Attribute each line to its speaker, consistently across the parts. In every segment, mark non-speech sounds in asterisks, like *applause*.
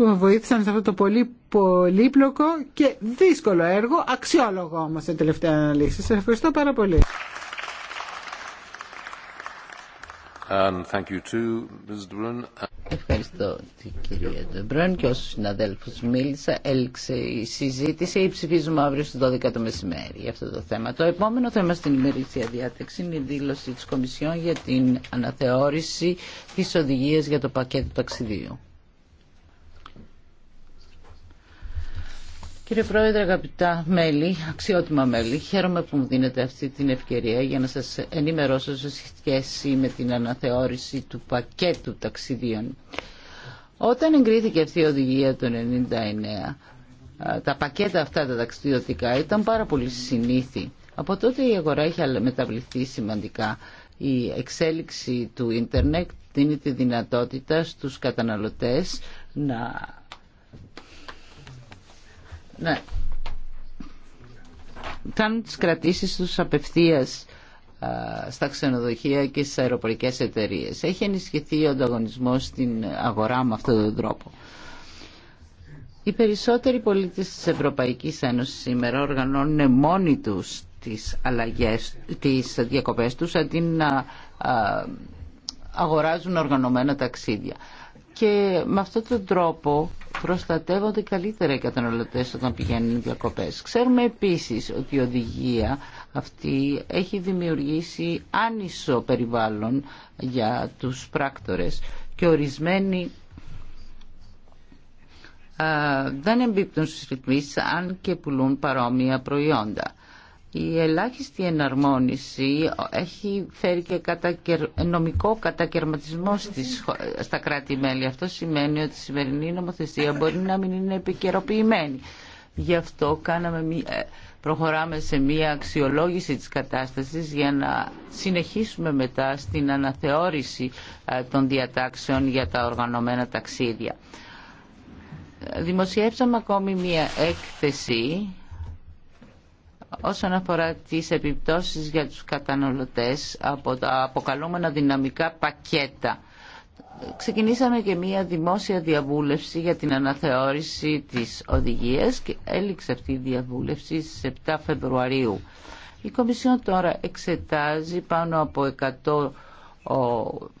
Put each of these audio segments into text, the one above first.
Speaker 1: που με βοήθησαν σε αυτό το πολύ πολύπλοκο και δύσκολο έργο, αξιόλογο όμως σε τελευταία αναλύση. Σας ευχαριστώ πάρα πολύ. Ευχαριστώ την κυρία Ντεμπρόν και όσους συναδέλφους μίλησα. Έληξε η συζήτηση ή ψηφίζουμε αύριο στις 12 το μεσημέρι για αυτό το θέμα. Το επόμενο θέμα στην ημερήσια διάταξη είναι η δήλωση της Κομισιόν για την αναθεώρηση της οδηγίας για το πακέτο ταξιδίου. Κύριε Πρόεδρε, αγαπητά μέλη, αξιότιμα μέλη, χαίρομαι που μου δίνετε αυτή την ευκαιρία για να σας ενημερώσω σε σχέση με την αναθεώρηση του πακέτου ταξιδίων. Όταν εγκρίθηκε αυτή η οδηγία το 1999, τα πακέτα αυτά τα ταξιδιωτικά ήταν πάρα πολύ συνηθι. Από τότε η αγορά έχει μεταβληθεί σημαντικά. Η εξέλιξη του ίντερνετ δίνει τη δυνατότητα στους καταναλωτές να ναι, κάνουν τις κρατήσεις τους απευθείας στα ξενοδοχεία και στις αεροπορικές εταιρείες. Έχει ενισχυθεί ο ανταγωνισμός στην αγορά με αυτόν τον τρόπο. Οι περισσότεροι πολίτες της Ευρωπαϊκής Ένωσης σήμερα οργανώνουν μόνοι τους τις, αλλαγές, τις διακοπές τους αντί να αγοράζουν οργανωμένα ταξίδια. Και με αυτόν τον τρόπο προστατεύονται καλύτερα οι καταναλωτές όταν πηγαίνουν διακοπές. Ξέρουμε επίσης ότι η οδηγία αυτή έχει δημιουργήσει άνισο περιβάλλον για τους πράκτορες και ορισμένοι ε, δεν εμπίπτουν στις ρυθμίσεις αν και πουλούν παρόμοια προϊόντα. Η ελάχιστη εναρμόνιση έχει φέρει και νομικό κατακαιρματισμό στα κράτη-μέλη. Αυτό σημαίνει ότι η σημερινή νομοθεσία μπορεί να μην είναι επικαιροποιημένη. Γι' αυτό κάναμε ε, προχωράμε σε μία αξιολόγηση της κατάστασης για να συνεχίσουμε μετά στην αναθεώρηση ε, των διατάξεων για τα οργανωμένα ταξίδια. Ε, δημοσιεύσαμε ακόμη μία έκθεση όσον αφορά τις επιπτώσεις για τους καταναλωτές από τα αποκαλούμενα δυναμικά πακέτα. Ξεκινήσαμε και μία δημόσια διαβούλευση για την αναθεώρηση της οδηγίας και έληξε αυτή η διαβούλευση στις 7 Φεβρουαρίου. Η Κομισιόν τώρα εξετάζει πάνω από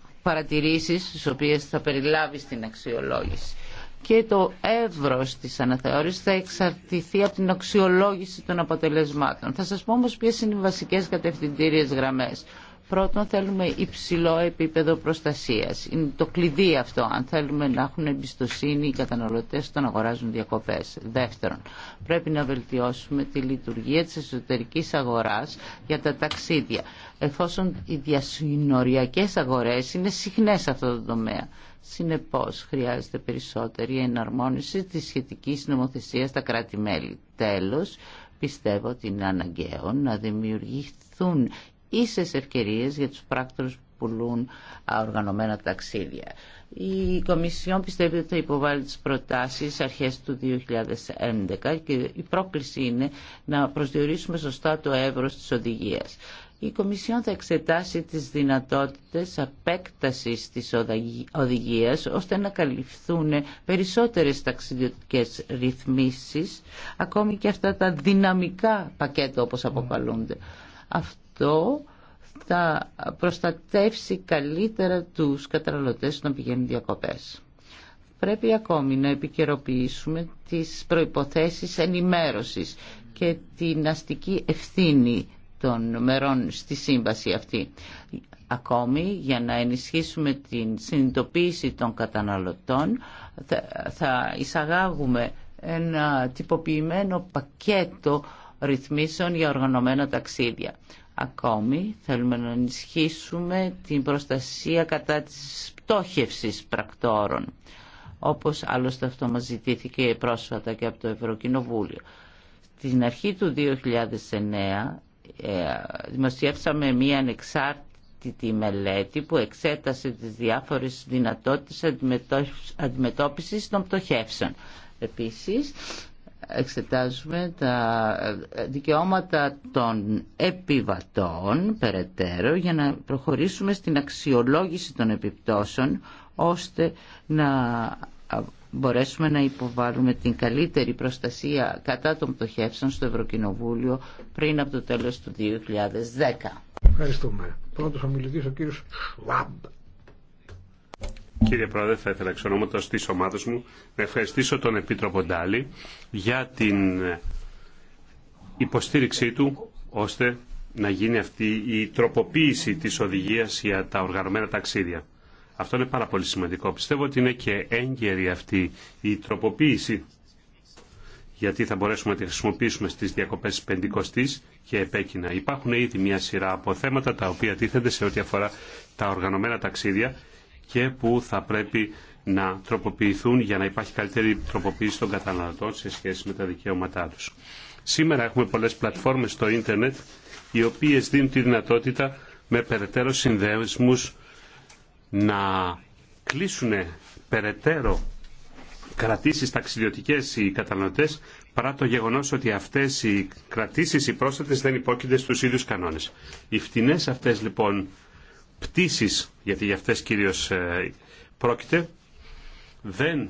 Speaker 1: 100 παρατηρήσεις τις οποίες θα περιλάβει στην αξιολόγηση και το εύρος της αναθεώρησης θα εξαρτηθεί από την αξιολόγηση των αποτελεσμάτων. Θα σας πω όμως ποιες είναι οι βασικές κατευθυντήριες γραμμές. Πρώτον, θέλουμε υψηλό επίπεδο προστασίας. Είναι το κλειδί αυτό, αν θέλουμε να έχουν εμπιστοσύνη οι καταναλωτές όταν αγοράζουν διακοπές. Δεύτερον, πρέπει να βελτιώσουμε τη λειτουργία της εσωτερικής αγοράς για τα ταξίδια, εφόσον οι διασυνοριακές αγορές είναι συχνές σε αυτό το τομέα. Συνεπώς χρειάζεται περισσότερη εναρμόνιση της σχετικής νομοθεσίας στα κράτη-μέλη. Τέλος, πιστεύω ότι είναι αναγκαίο να δημιουργηθούν ίσες ευκαιρίες για τους πράκτορους που πουλούν οργανωμένα ταξίδια. Η Κομισιόν πιστεύει ότι θα υποβάλει τις προτάσεις αρχές του 2011 και η πρόκληση είναι να προσδιορίσουμε σωστά το εύρος της οδηγίας η Κομισιόν θα εξετάσει τις δυνατότητες απέκτασης της οδηγίας ώστε να καλυφθούν περισσότερες ταξιδιωτικές ρυθμίσεις ακόμη και αυτά τα δυναμικά πακέτα όπως αποκαλούνται. Αυτό θα προστατεύσει καλύτερα τους καταναλωτές να πηγαίνουν διακοπές. Πρέπει ακόμη να επικαιροποιήσουμε τις προϋποθέσεις ενημέρωσης και την αστική ευθύνη των μερών στη σύμβαση αυτή. Ακόμη, για να ενισχύσουμε την συνειδητοποίηση των καταναλωτών, θα εισαγάγουμε ένα τυποποιημένο πακέτο ρυθμίσεων για οργανωμένα ταξίδια. Ακόμη, θέλουμε να ενισχύσουμε την προστασία κατά της πτώχευσης πρακτόρων, όπως άλλωστε αυτό μας ζητήθηκε πρόσφατα και από το Ευρωκοινοβούλιο. Στην αρχή του 2009 ε, δημοσιεύσαμε μία ανεξάρτητη μελέτη που εξέτασε τις διάφορες δυνατότητες αντιμετώπισης των πτωχεύσεων. Επίσης, εξετάζουμε τα δικαιώματα των επιβατών περαιτέρω για να προχωρήσουμε στην αξιολόγηση των επιπτώσεων ώστε να μπορέσουμε να υποβάλουμε την καλύτερη προστασία κατά των πτωχεύσεων στο Ευρωκοινοβούλιο πριν από το τέλος του 2010. Ευχαριστούμε. Πρώτος ομιλητής ο κύριος Σουάμπ.
Speaker 2: Κύριε Πρόεδρε, θα ήθελα εξ ονόματος της ομάδας μου να ευχαριστήσω τον Επίτροπο Ντάλη για την υποστήριξή του ώστε να γίνει αυτή η τροποποίηση της οδηγίας για τα οργανωμένα ταξίδια. Αυτό είναι πάρα πολύ σημαντικό. Πιστεύω ότι είναι και έγκαιρη αυτή η τροποποίηση γιατί θα μπορέσουμε να τη χρησιμοποιήσουμε στις διακοπές της Πεντηκοστής και επέκεινα. Υπάρχουν ήδη μια σειρά από θέματα τα οποία τίθενται σε ό,τι αφορά τα οργανωμένα ταξίδια και που θα πρέπει να τροποποιηθούν για να υπάρχει καλύτερη τροποποίηση των καταναλωτών σε σχέση με τα δικαιώματά τους. Σήμερα έχουμε πολλές πλατφόρμες στο ίντερνετ οι οποίες δίνουν τη δυνατότητα με περαιτέρω συνδέσμους να κλείσουν περαιτέρω κρατήσεις ταξιδιωτικές οι καταναλωτές παρά το γεγονός ότι αυτές οι κρατήσεις οι πρόσθετες δεν υπόκεινται στους ίδιους κανόνες. Οι φτηνές αυτές λοιπόν πτήσεις, γιατί για αυτές κυρίως ε, πρόκειται, δεν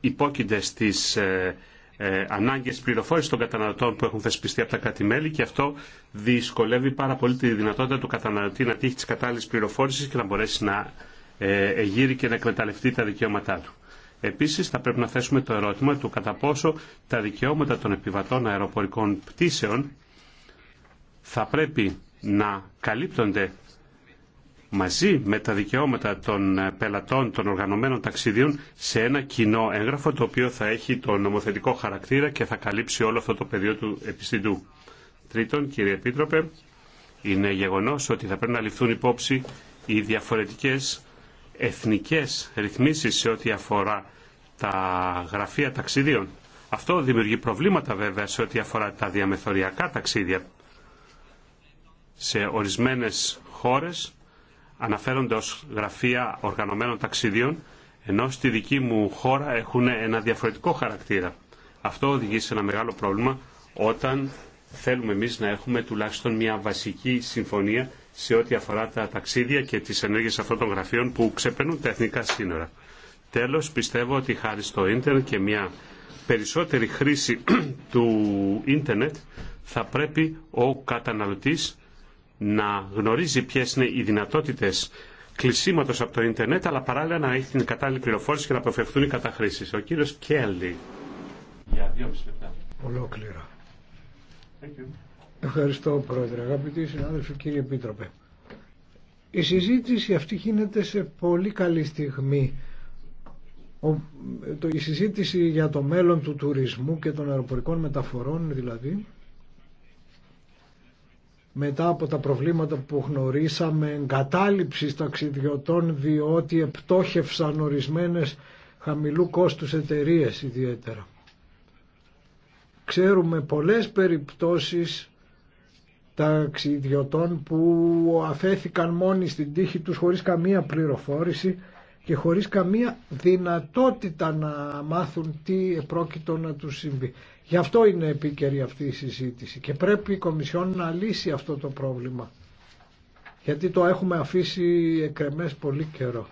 Speaker 2: υπόκεινται στις ε, ε, ανάγκε πληροφόρηση των καταναλωτών που έχουν θεσπιστεί από τα κράτη-μέλη και αυτό δυσκολεύει πάρα πολύ τη δυνατότητα του καταναλωτή να τύχει τι κατάλληλη πληροφόρηση και να μπορέσει να ε, εγείρει και να εκμεταλλευτεί τα δικαιώματά του. Επίση, θα πρέπει να θέσουμε το ερώτημα του κατά πόσο τα δικαιώματα των επιβατών αεροπορικών πτήσεων θα πρέπει να καλύπτονται μαζί με τα δικαιώματα των ε, πελατών των οργανωμένων ταξιδίων σε ένα κοινό έγγραφο το οποίο θα έχει το νομοθετικό χαρακτήρα και θα καλύψει όλο αυτό το πεδίο του επιστητού. Τρίτον, κύριε Επίτροπε, είναι γεγονός ότι θα πρέπει να ληφθούν υπόψη οι διαφορετικές εθνικές ρυθμίσεις σε ό,τι αφορά τα γραφεία ταξιδίων. Αυτό δημιουργεί προβλήματα βέβαια σε ό,τι αφορά τα διαμεθοριακά ταξίδια. Σε ορισμένες χώρες αναφέρονται ως γραφεία οργανωμένων ταξιδίων, ενώ στη δική μου χώρα έχουν ένα διαφορετικό χαρακτήρα. Αυτό οδηγεί σε ένα μεγάλο πρόβλημα όταν θέλουμε εμείς να έχουμε τουλάχιστον μια βασική συμφωνία σε ό,τι αφορά τα ταξίδια και τις ενέργειες αυτών των γραφείων που ξεπερνούν τα εθνικά σύνορα. Τέλος, πιστεύω ότι χάρη στο ίντερνετ και μια περισσότερη χρήση *clears throat* του ίντερνετ θα πρέπει ο καταναλωτής να γνωρίζει ποιε είναι οι δυνατότητε κλεισίματο από το Ιντερνετ, αλλά παράλληλα να έχει την κατάλληλη πληροφόρηση και να αποφευθούν οι καταχρήσει. Ο κύριο Κέλλη. Για δύο λεπτά.
Speaker 3: Ολόκληρα. Ευχαριστώ, Πρόεδρε. Αγαπητοί συνάδελφοι, κύριε Επίτροπε. Η συζήτηση αυτή γίνεται σε πολύ καλή στιγμή. η συζήτηση για το μέλλον του τουρισμού και των αεροπορικών μεταφορών, δηλαδή, μετά από τα προβλήματα που γνωρίσαμε εγκατάλειψης ταξιδιωτών διότι επτόχευσαν ορισμένες χαμηλού κόστους εταιρείες ιδιαίτερα. Ξέρουμε πολλές περιπτώσεις ταξιδιωτών που αφέθηκαν μόνοι στην τύχη τους χωρίς καμία πληροφόρηση και χωρίς καμία δυνατότητα να μάθουν τι πρόκειτο να τους συμβεί. Γι' αυτό είναι επίκαιρη αυτή η συζήτηση και πρέπει η Κομισιόν να λύσει αυτό το πρόβλημα γιατί το έχουμε αφήσει εκρεμές πολύ καιρό.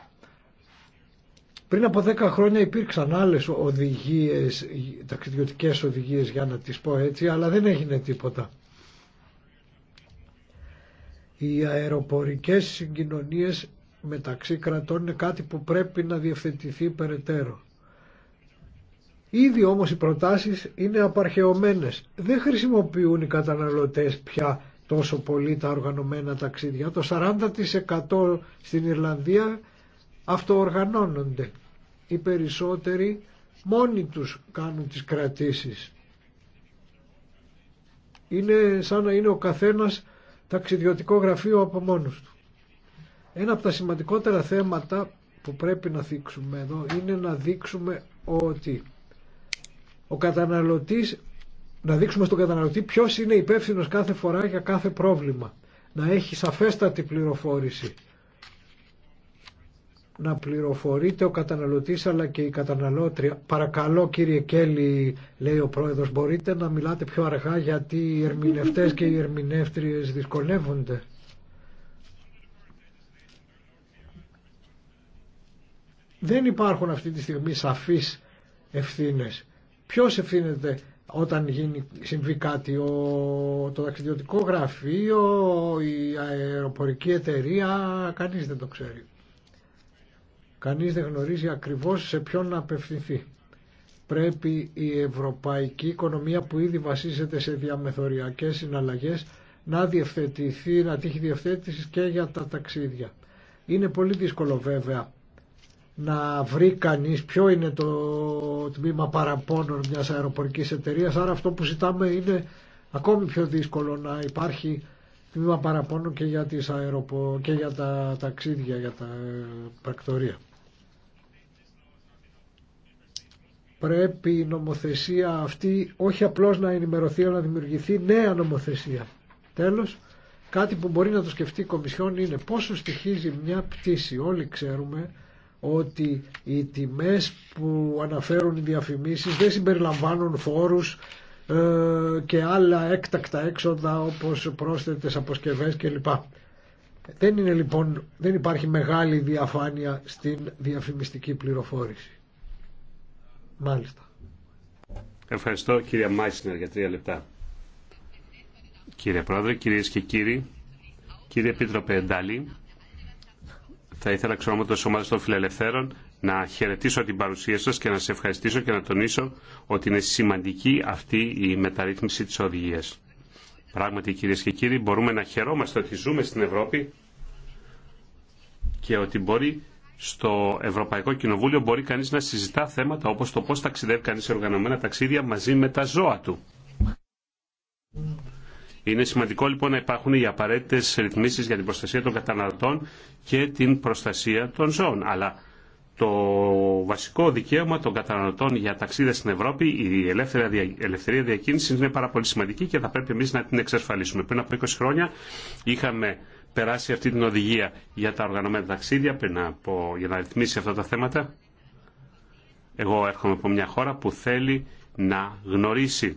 Speaker 3: Πριν από 10 χρόνια υπήρξαν άλλες οδηγίες, ταξιδιωτικές οδηγίες για να τις πω έτσι, αλλά δεν έγινε τίποτα. Οι αεροπορικές συγκοινωνίες μεταξύ κρατών είναι κάτι που πρέπει να διευθετηθεί περαιτέρω. Ήδη όμως οι προτάσεις είναι απαρχαιωμένες. Δεν χρησιμοποιούν οι καταναλωτές πια τόσο πολύ τα οργανωμένα ταξίδια. Το 40% στην Ιρλανδία αυτοοργανώνονται. Οι περισσότεροι μόνοι τους κάνουν τις κρατήσεις. Είναι σαν να είναι ο καθένας ταξιδιωτικό γραφείο από μόνος του. Ένα από τα σημαντικότερα θέματα που πρέπει να δείξουμε εδώ είναι να δείξουμε ότι ο καταναλωτής, να δείξουμε στον καταναλωτή ποιος είναι υπεύθυνο κάθε φορά για κάθε πρόβλημα. Να έχει σαφέστατη πληροφόρηση. Να πληροφορείται ο καταναλωτής αλλά και η καταναλώτρια. Παρακαλώ κύριε Κέλλη, λέει ο πρόεδρος, μπορείτε να μιλάτε πιο αργά γιατί οι ερμηνευτές και οι ερμηνεύτριες δυσκολεύονται. Δεν υπάρχουν αυτή τη στιγμή σαφείς ευθύνες. Ποιος ευθύνεται όταν γίνει, συμβεί κάτι, το ταξιδιωτικό γραφείο, η αεροπορική εταιρεία, κανείς δεν το ξέρει. Κανείς δεν γνωρίζει ακριβώς σε ποιον να απευθυνθεί. Πρέπει η ευρωπαϊκή οικονομία που ήδη βασίζεται σε διαμεθοριακές συναλλαγές να διευθετηθεί, να τύχει διευθέτηση και για τα ταξίδια. Είναι πολύ δύσκολο βέβαια να βρει κανείς ποιο είναι το τμήμα παραπώνων μιας αεροπορικής εταιρείας άρα αυτό που ζητάμε είναι ακόμη πιο δύσκολο να υπάρχει τμήμα παραπώνων και για, τις αεροπο... και για τα ταξίδια, για τα ε, πρακτορία. Πρέπει η νομοθεσία αυτή όχι απλώς να ενημερωθεί αλλά να δημιουργηθεί νέα νομοθεσία. Τέλος, κάτι που μπορεί να το σκεφτεί η Κομισιόν είναι πόσο στοιχίζει μια πτήση. Όλοι ξέρουμε ότι οι τιμές που αναφέρουν οι διαφημίσεις δεν συμπεριλαμβάνουν φόρους ε, και άλλα έκτακτα έξοδα όπως πρόσθετες αποσκευές κλπ. Δεν, είναι, λοιπόν, δεν υπάρχει μεγάλη διαφάνεια στην διαφημιστική πληροφόρηση. Μάλιστα.
Speaker 2: Ευχαριστώ κύριε Μάισνερ για τρία λεπτά. Κύριε Πρόεδρε, κυρίες και κύριοι, κύριε Επίτροπε θα ήθελα εξ ονόματο τη ομάδα των Φιλελευθέρων να χαιρετήσω την παρουσία σας και να σε ευχαριστήσω και να τονίσω ότι είναι σημαντική αυτή η μεταρρύθμιση της οδηγίας. Πράγματι, κυρίε και κύριοι, μπορούμε να χαιρόμαστε ότι ζούμε στην Ευρώπη και ότι μπορεί στο Ευρωπαϊκό Κοινοβούλιο μπορεί κανείς να συζητά θέματα όπως το πώς ταξιδεύει κανείς σε οργανωμένα ταξίδια μαζί με τα ζώα του. Είναι σημαντικό λοιπόν να υπάρχουν οι απαραίτητε ρυθμίσει για την προστασία των καταναλωτών και την προστασία των ζώων. Αλλά το βασικό δικαίωμα των καταναλωτών για ταξίδια στην Ευρώπη, η ελευθερία διακίνηση είναι πάρα πολύ σημαντική και θα πρέπει εμεί να την εξασφαλίσουμε. Πριν από 20 χρόνια είχαμε περάσει αυτή την οδηγία για τα οργανωμένα ταξίδια πριν από, για να ρυθμίσει αυτά τα θέματα. Εγώ έρχομαι από μια χώρα που θέλει να γνωρίσει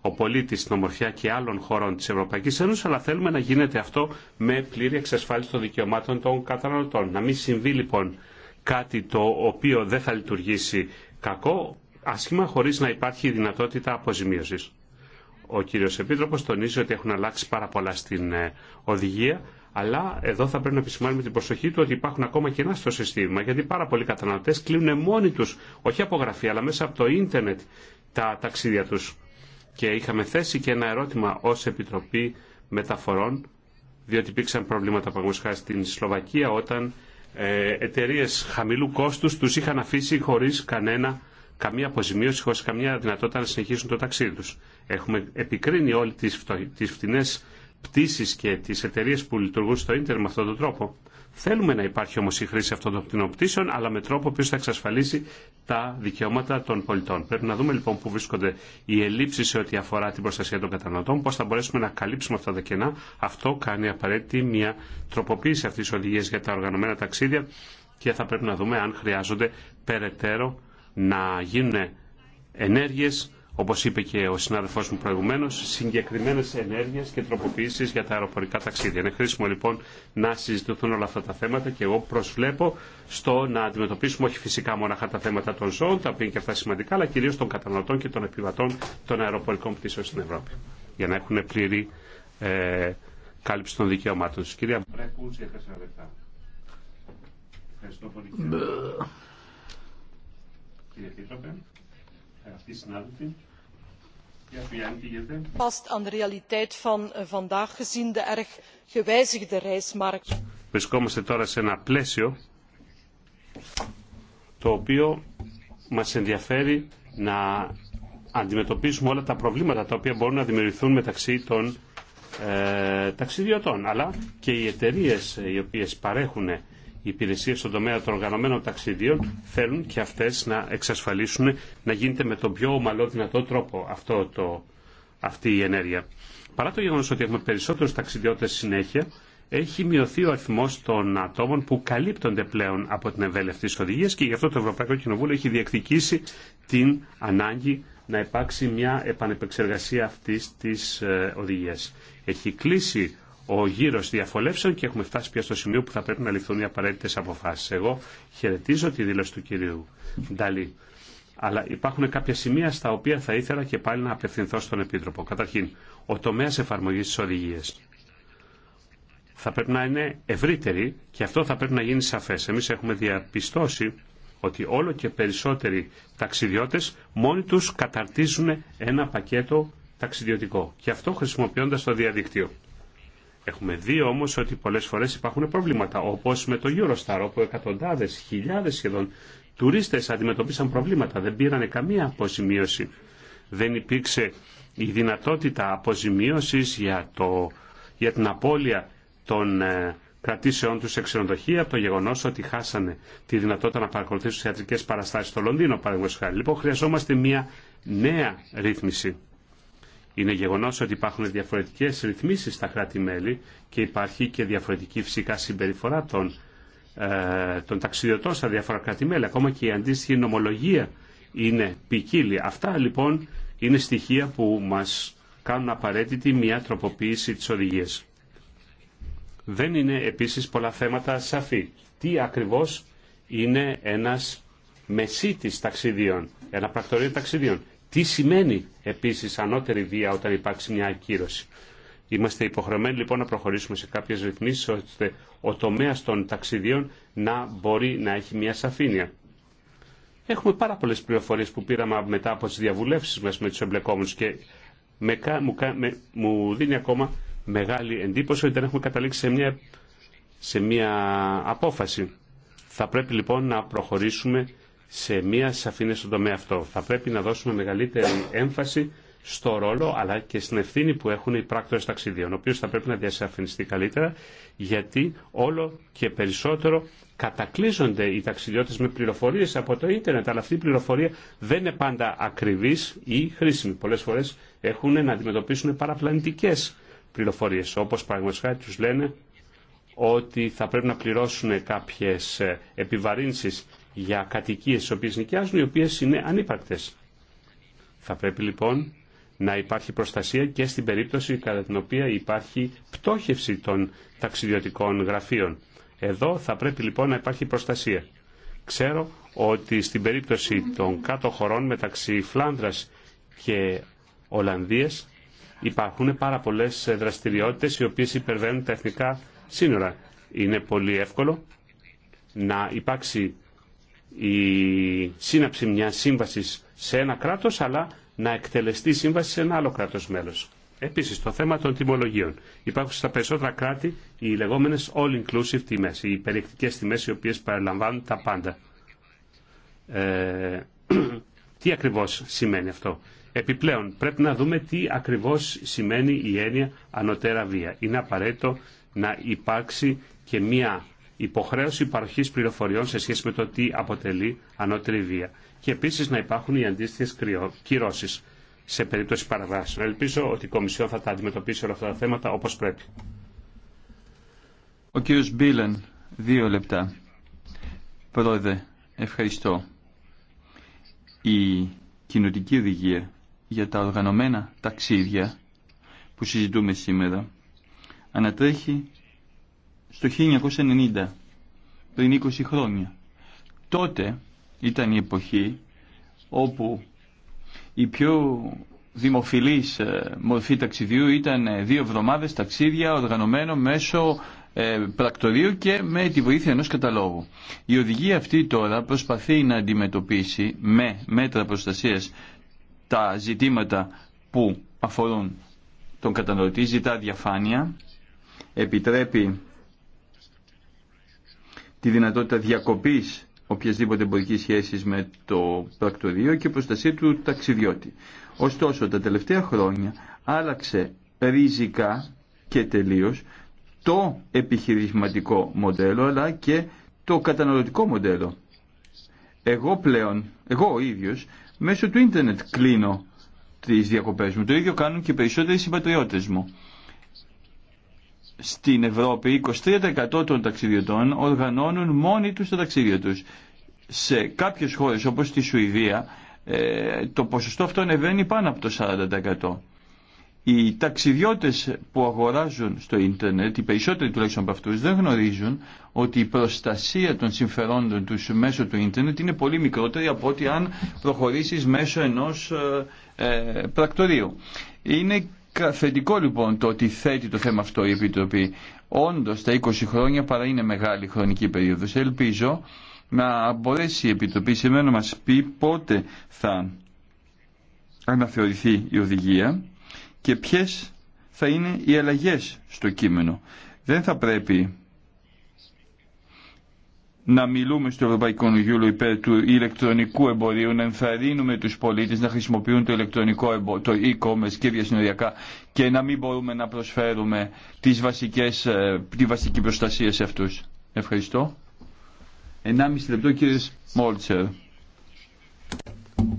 Speaker 2: ο πολίτη στην ομορφιά και άλλων χωρών τη Ευρωπαϊκή Ένωση, αλλά θέλουμε να γίνεται αυτό με πλήρη εξασφάλιση των δικαιωμάτων των καταναλωτών. Να μην συμβεί λοιπόν κάτι το οποίο δεν θα λειτουργήσει κακό, άσχημα χωρί να υπάρχει δυνατότητα αποζημίωση. Ο κύριος Επίτροπο τονίζει ότι έχουν αλλάξει πάρα πολλά στην ε, οδηγία, αλλά εδώ θα πρέπει να επισημάνουμε την προσοχή του ότι υπάρχουν ακόμα κενά στο συστήμα, γιατί πάρα πολλοί καταναλωτέ κλείνουν μόνοι του, όχι από γραφεία, αλλά μέσα από το ίντερνετ τα ταξίδια του και είχαμε θέσει και ένα ερώτημα ως Επιτροπή Μεταφορών διότι υπήρξαν προβλήματα παγκοσχά στην Σλοβακία όταν ε, εταιρείε χαμηλού κόστους τους είχαν αφήσει χωρίς κανένα, καμία αποζημίωση, χωρίς καμία δυνατότητα να συνεχίσουν το ταξίδι τους. Έχουμε επικρίνει όλοι τις, φτω, τις πτήσεις και τις εταιρείε που λειτουργούν στο ίντερνετ με αυτόν τον τρόπο. Θέλουμε να υπάρχει όμω η χρήση αυτών των κτηνοπτήσεων, αλλά με τρόπο που θα εξασφαλίσει τα δικαιώματα των πολιτών. Πρέπει να δούμε λοιπόν πού βρίσκονται οι ελλείψει σε ό,τι αφορά την προστασία των καταναλωτών, πώ θα μπορέσουμε να καλύψουμε αυτά τα κενά. Αυτό κάνει απαραίτητη μια τροποποίηση αυτή τη οδηγία για τα οργανωμένα ταξίδια και θα πρέπει να δούμε αν χρειάζονται περαιτέρω να γίνουν ενέργειες όπως είπε και ο συνάδελφός μου προηγουμένως, συγκεκριμένες ενέργειες και τροποποιήσεις για τα αεροπορικά ταξίδια. Είναι χρήσιμο λοιπόν να συζητηθούν όλα αυτά τα θέματα και εγώ προσβλέπω στο να αντιμετωπίσουμε όχι φυσικά μόνο τα θέματα των ζώων, τα οποία είναι και αυτά σημαντικά, αλλά κυρίως των καταναλωτών και των επιβατών των αεροπορικών πτήσεων στην Ευρώπη, για να έχουν πλήρη ε, κάλυψη των δικαιωμάτων τους. Κυρία Μπρέκου, για λεπτά. Ευχαριστώ πολύ. Κύριε Πίτροπε, αγαπητοί συνάδελφοι, Βρισκόμαστε τώρα σε ένα πλαίσιο το οποίο μας ενδιαφέρει να αντιμετωπίσουμε όλα τα προβλήματα τα οποία μπορούν να δημιουργηθούν μεταξύ των ε, ταξιδιωτών. Αλλά και οι εταιρείε ε, οι οποίες παρέχουν ε, οι υπηρεσίε στον τομέα των οργανωμένων ταξιδίων θέλουν και αυτέ να εξασφαλίσουν να γίνεται με τον πιο ομαλό δυνατό τρόπο αυτό το, αυτή η ενέργεια. Παρά το γεγονό ότι έχουμε περισσότερου ταξιδιώτε συνέχεια, έχει μειωθεί ο αριθμό των ατόμων που καλύπτονται πλέον από την ευέλευτη τη οδηγία και γι' αυτό το Ευρωπαϊκό Κοινοβούλιο έχει διεκδικήσει την ανάγκη να υπάρξει μια επανεπεξεργασία αυτή τη ε, οδηγία. Έχει κλείσει ο γύρος διαφολεύσεων και έχουμε φτάσει πια στο σημείο που θα πρέπει να ληφθούν οι απαραίτητες αποφάσεις. Εγώ χαιρετίζω τη δήλωση του κυρίου Νταλή. Αλλά υπάρχουν κάποια σημεία στα οποία θα ήθελα και πάλι να απευθυνθώ στον Επίτροπο. Καταρχήν, ο τομέας εφαρμογής της οδηγίας θα πρέπει να είναι ευρύτερη και αυτό θα πρέπει να γίνει σαφές. Εμείς έχουμε διαπιστώσει ότι όλο και περισσότεροι ταξιδιώτες μόνοι τους καταρτίζουν ένα πακέτο ταξιδιωτικό και αυτό χρησιμοποιώντας το διαδικτύο. Έχουμε δει όμω ότι πολλέ φορέ υπάρχουν προβλήματα, Όπω με το Eurostar, όπου εκατοντάδε χιλιάδε σχεδόν τουρίστε αντιμετωπίσαν προβλήματα, δεν πήραν καμία αποζημίωση. Δεν υπήρξε η δυνατότητα αποζημιώση για, για την απώλεια των ε, κρατήσεών του σε ξενοδοχεία από το γεγονό ότι χάσανε τη δυνατότητα να παρακολουθήσουν θεατρικέ παραστάσει στο Λονδίνο, παραδείγματο χάρη. Λοιπόν, χρειαζόμαστε μια νέα ρύθμιση. Είναι γεγονός ότι υπάρχουν διαφορετικές ρυθμίσεις στα κράτη-μέλη και υπάρχει και διαφορετική φυσικά συμπεριφορά των, ε, των ταξιδιωτών στα διάφορα κράτη-μέλη. Ακόμα και η αντίστοιχη νομολογία είναι ποικίλη. Αυτά λοιπόν είναι στοιχεία που μας κάνουν απαραίτητη μια τροποποίηση της οδηγίας. Δεν είναι επίσης πολλά θέματα σαφή. Τι ακριβώς είναι ένας μεσίτης ταξιδίων, ένα πρακτορείο ταξιδίων. Τι σημαίνει επίσης ανώτερη βία όταν υπάρξει μια ακύρωση. Είμαστε υποχρεωμένοι λοιπόν να προχωρήσουμε σε κάποιες ρυθμίσεις ώστε ο τομέας των ταξιδίων να μπορεί να έχει μια σαφήνεια. Έχουμε πάρα πολλέ πληροφορίε που πήραμε μετά από τι διαβουλεύσει μα με του εμπλεκόμενου και με, μου, με, μου δίνει ακόμα μεγάλη εντύπωση ότι δεν έχουμε καταλήξει σε μια, σε μια απόφαση. Θα πρέπει λοιπόν να προχωρήσουμε σε μία σαφήνεια στον τομέα αυτό. Θα πρέπει να δώσουμε μεγαλύτερη έμφαση στο ρόλο αλλά και στην ευθύνη που έχουν οι πράκτορες ταξιδίων, ο οποίος θα πρέπει να διασαφινιστεί καλύτερα, γιατί όλο και περισσότερο κατακλείζονται οι ταξιδιώτες με πληροφορίες από το ίντερνετ, αλλά αυτή η πληροφορία δεν είναι πάντα ακριβής ή χρήσιμη. Πολλές φορές έχουν να αντιμετωπίσουν παραπλανητικές πληροφορίες, όπως πραγματικά τους λένε ότι θα πρέπει να πληρώσουν κάποιες επιβαρύνσεις για κατοικίες τις οποίες νοικιάζουν, οι οποίες είναι ανύπαρκτες. Θα πρέπει λοιπόν να υπάρχει προστασία και στην περίπτωση κατά την οποία υπάρχει πτώχευση των ταξιδιωτικών γραφείων. Εδώ θα πρέπει λοιπόν να υπάρχει προστασία. Ξέρω ότι στην περίπτωση των κάτω χωρών μεταξύ Φλάνδρας και Ολλανδίας υπάρχουν πάρα πολλές δραστηριότητες οι οποίες υπερβαίνουν τα εθνικά σύνορα. Είναι πολύ εύκολο να υπάρξει η σύναψη μια σύμβαση σε ένα κράτος, αλλά να εκτελεστεί η σύμβαση σε ένα άλλο κράτος μέλος. Επίσης, το θέμα των τιμολογίων. Υπάρχουν στα περισσότερα κράτη οι λεγόμενες all-inclusive τιμές, οι περιεκτικές τιμές οι οποίες παραλαμβάνουν τα πάντα. Ε, *clears throat* τι ακριβώς σημαίνει αυτό. Επιπλέον, πρέπει να δούμε τι ακριβώς σημαίνει η έννοια ανωτέρα βία. Είναι απαραίτητο να υπάρξει και μία υποχρέωση παροχή πληροφοριών σε σχέση με το τι αποτελεί ανώτερη βία. Και επίση να υπάρχουν οι αντίστοιχε κυρώσει σε περίπτωση παραβάσεων. Ελπίζω ότι η Κομισιόν θα τα αντιμετωπίσει όλα αυτά τα θέματα όπω πρέπει.
Speaker 4: Ο κύριος Μπίλεν, δύο λεπτά. Πρόεδρε, ευχαριστώ. Η κοινοτική οδηγία για τα οργανωμένα ταξίδια που συζητούμε σήμερα ανατρέχει στο 1990, πριν 20 χρόνια. Τότε ήταν η εποχή όπου η πιο δημοφιλής ε, μορφή ταξιδιού ήταν ε, δύο εβδομάδες ταξίδια οργανωμένο μέσω ε, πρακτορείου και με τη βοήθεια ενός καταλόγου. Η οδηγία αυτή τώρα προσπαθεί να αντιμετωπίσει με μέτρα προστασίας τα ζητήματα που αφορούν τον καταναλωτή, ζητά διαφάνεια, επιτρέπει τη δυνατότητα διακοπής οποιασδήποτε εμπορική σχέση με το πρακτορείο και προστασία του ταξιδιώτη. Ωστόσο, τα τελευταία χρόνια άλλαξε ριζικά και τελείως το επιχειρηματικό μοντέλο αλλά και το καταναλωτικό μοντέλο. Εγώ πλέον, εγώ ο ίδιος, μέσω του ίντερνετ κλείνω τις διακοπές μου. Το ίδιο κάνουν και οι περισσότεροι συμπατριώτες μου στην Ευρώπη 23% των ταξιδιωτών οργανώνουν μόνοι τους τα ταξίδια τους. Σε κάποιες χώρες όπως τη Σουηδία ε, το ποσοστό αυτό ανεβαίνει πάνω από το 40%. Οι ταξιδιώτες που αγοράζουν στο ίντερνετ, οι περισσότεροι τουλάχιστον από αυτούς, δεν γνωρίζουν ότι η προστασία των συμφερόντων τους μέσω του ίντερνετ είναι πολύ μικρότερη από ότι αν προχωρήσεις μέσω ενός ε, ε, πρακτορείου. Είναι θετικό λοιπόν το ότι θέτει το θέμα αυτό η Επιτροπή. όντω τα 20 χρόνια παρά είναι μεγάλη χρονική περίοδο. Ελπίζω να μπορέσει η Επιτροπή σήμερα να μας πει πότε θα αναθεωρηθεί η οδηγία και ποιε θα είναι οι αλλαγέ στο κείμενο. Δεν θα πρέπει να μιλούμε στο Ευρωπαϊκό Νογιούλο υπέρ του ηλεκτρονικού εμπορίου, να ενθαρρύνουμε τους πολίτες να χρησιμοποιούν το ηλεκτρονικό το e-commerce και διασυνοριακά και να μην μπορούμε να προσφέρουμε τις βασικές, ε, τη βασική προστασία σε αυτούς. Ευχαριστώ. 1,5 λεπτό κύριε Μόλτσερ.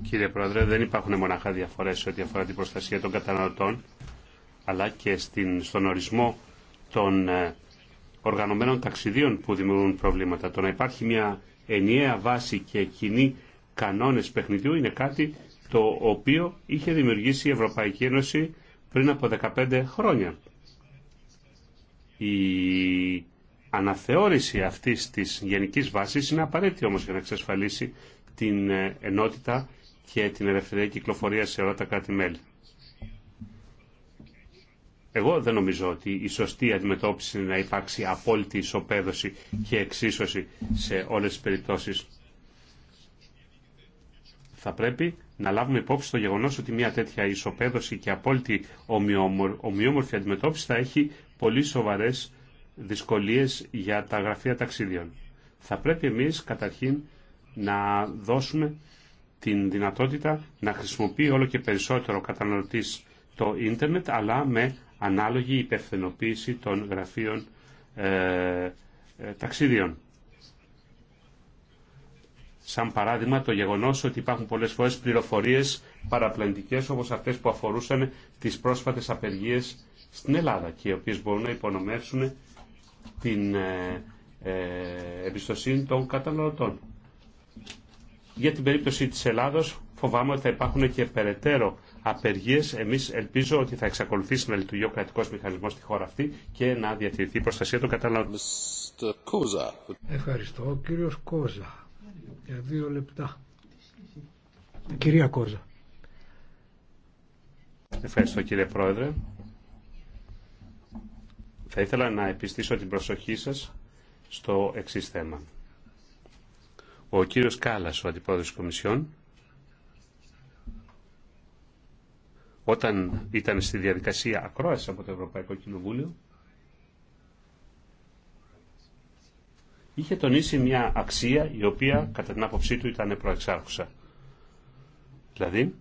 Speaker 2: Κύριε Πρόεδρε, δεν υπάρχουν μοναχά διαφορές ό,τι αφορά την προστασία των καταναλωτών, αλλά και στην, στον ορισμό των ε, οργανωμένων ταξιδίων που δημιουργούν προβλήματα. Το να υπάρχει μια ενιαία βάση και κοινή κανόνες παιχνιδιού είναι κάτι το οποίο είχε δημιουργήσει η Ευρωπαϊκή Ένωση πριν από 15 χρόνια. Η αναθεώρηση αυτής της γενικής βάσης είναι απαραίτητη όμως για να εξασφαλίσει την ενότητα και την ελευθερία κυκλοφορία σε όλα τα κράτη-μέλη. Εγώ δεν νομίζω ότι η σωστή αντιμετώπιση είναι να υπάρξει απόλυτη ισοπαίδωση και εξίσωση σε όλες τις περιπτώσεις. Θα πρέπει να λάβουμε υπόψη το γεγονός ότι μια τέτοια ισοπαίδωση και απόλυτη ομοιόμορφη αντιμετώπιση θα έχει πολύ σοβαρές δυσκολίες για τα γραφεία ταξίδιων. Θα πρέπει εμείς καταρχήν να δώσουμε την δυνατότητα να χρησιμοποιεί όλο και περισσότερο καταναλωτής το ίντερνετ αλλά με ανάλογη υπευθυνοποίηση των γραφείων ε, ε, ταξίδιων. Σαν παράδειγμα το γεγονός ότι υπάρχουν πολλές φορές πληροφορίες παραπλανητικές όπως αυτές που αφορούσαν τις πρόσφατες απεργίες στην Ελλάδα και οι οποίες μπορούν να υπονομεύσουν την ε, εμπιστοσύνη των καταναλωτών. Για την περίπτωση της Ελλάδος φοβάμαι ότι θα υπάρχουν και περαιτέρω απεργίε. Εμεί ελπίζω ότι θα εξακολουθήσει να λειτουργεί ο κρατικό μηχανισμό στη χώρα αυτή και να διατηρηθεί η προστασία των καταναλωτών.
Speaker 3: Ευχαριστώ. Ο Κόζα. Για δύο λεπτά. Κυρία Κόζα.
Speaker 2: Ευχαριστώ κύριε Πρόεδρε. Θα ήθελα να επιστήσω την προσοχή σας στο εξής θέμα. Ο κύριος Κάλλας, ο Αντιπρόεδρος της Κομισιόν, όταν ήταν στη διαδικασία ακρόαση από το Ευρωπαϊκό Κοινοβούλιο, είχε τονίσει μια αξία η οποία κατά την άποψή του ήταν προεξάρχουσα. Δηλαδή,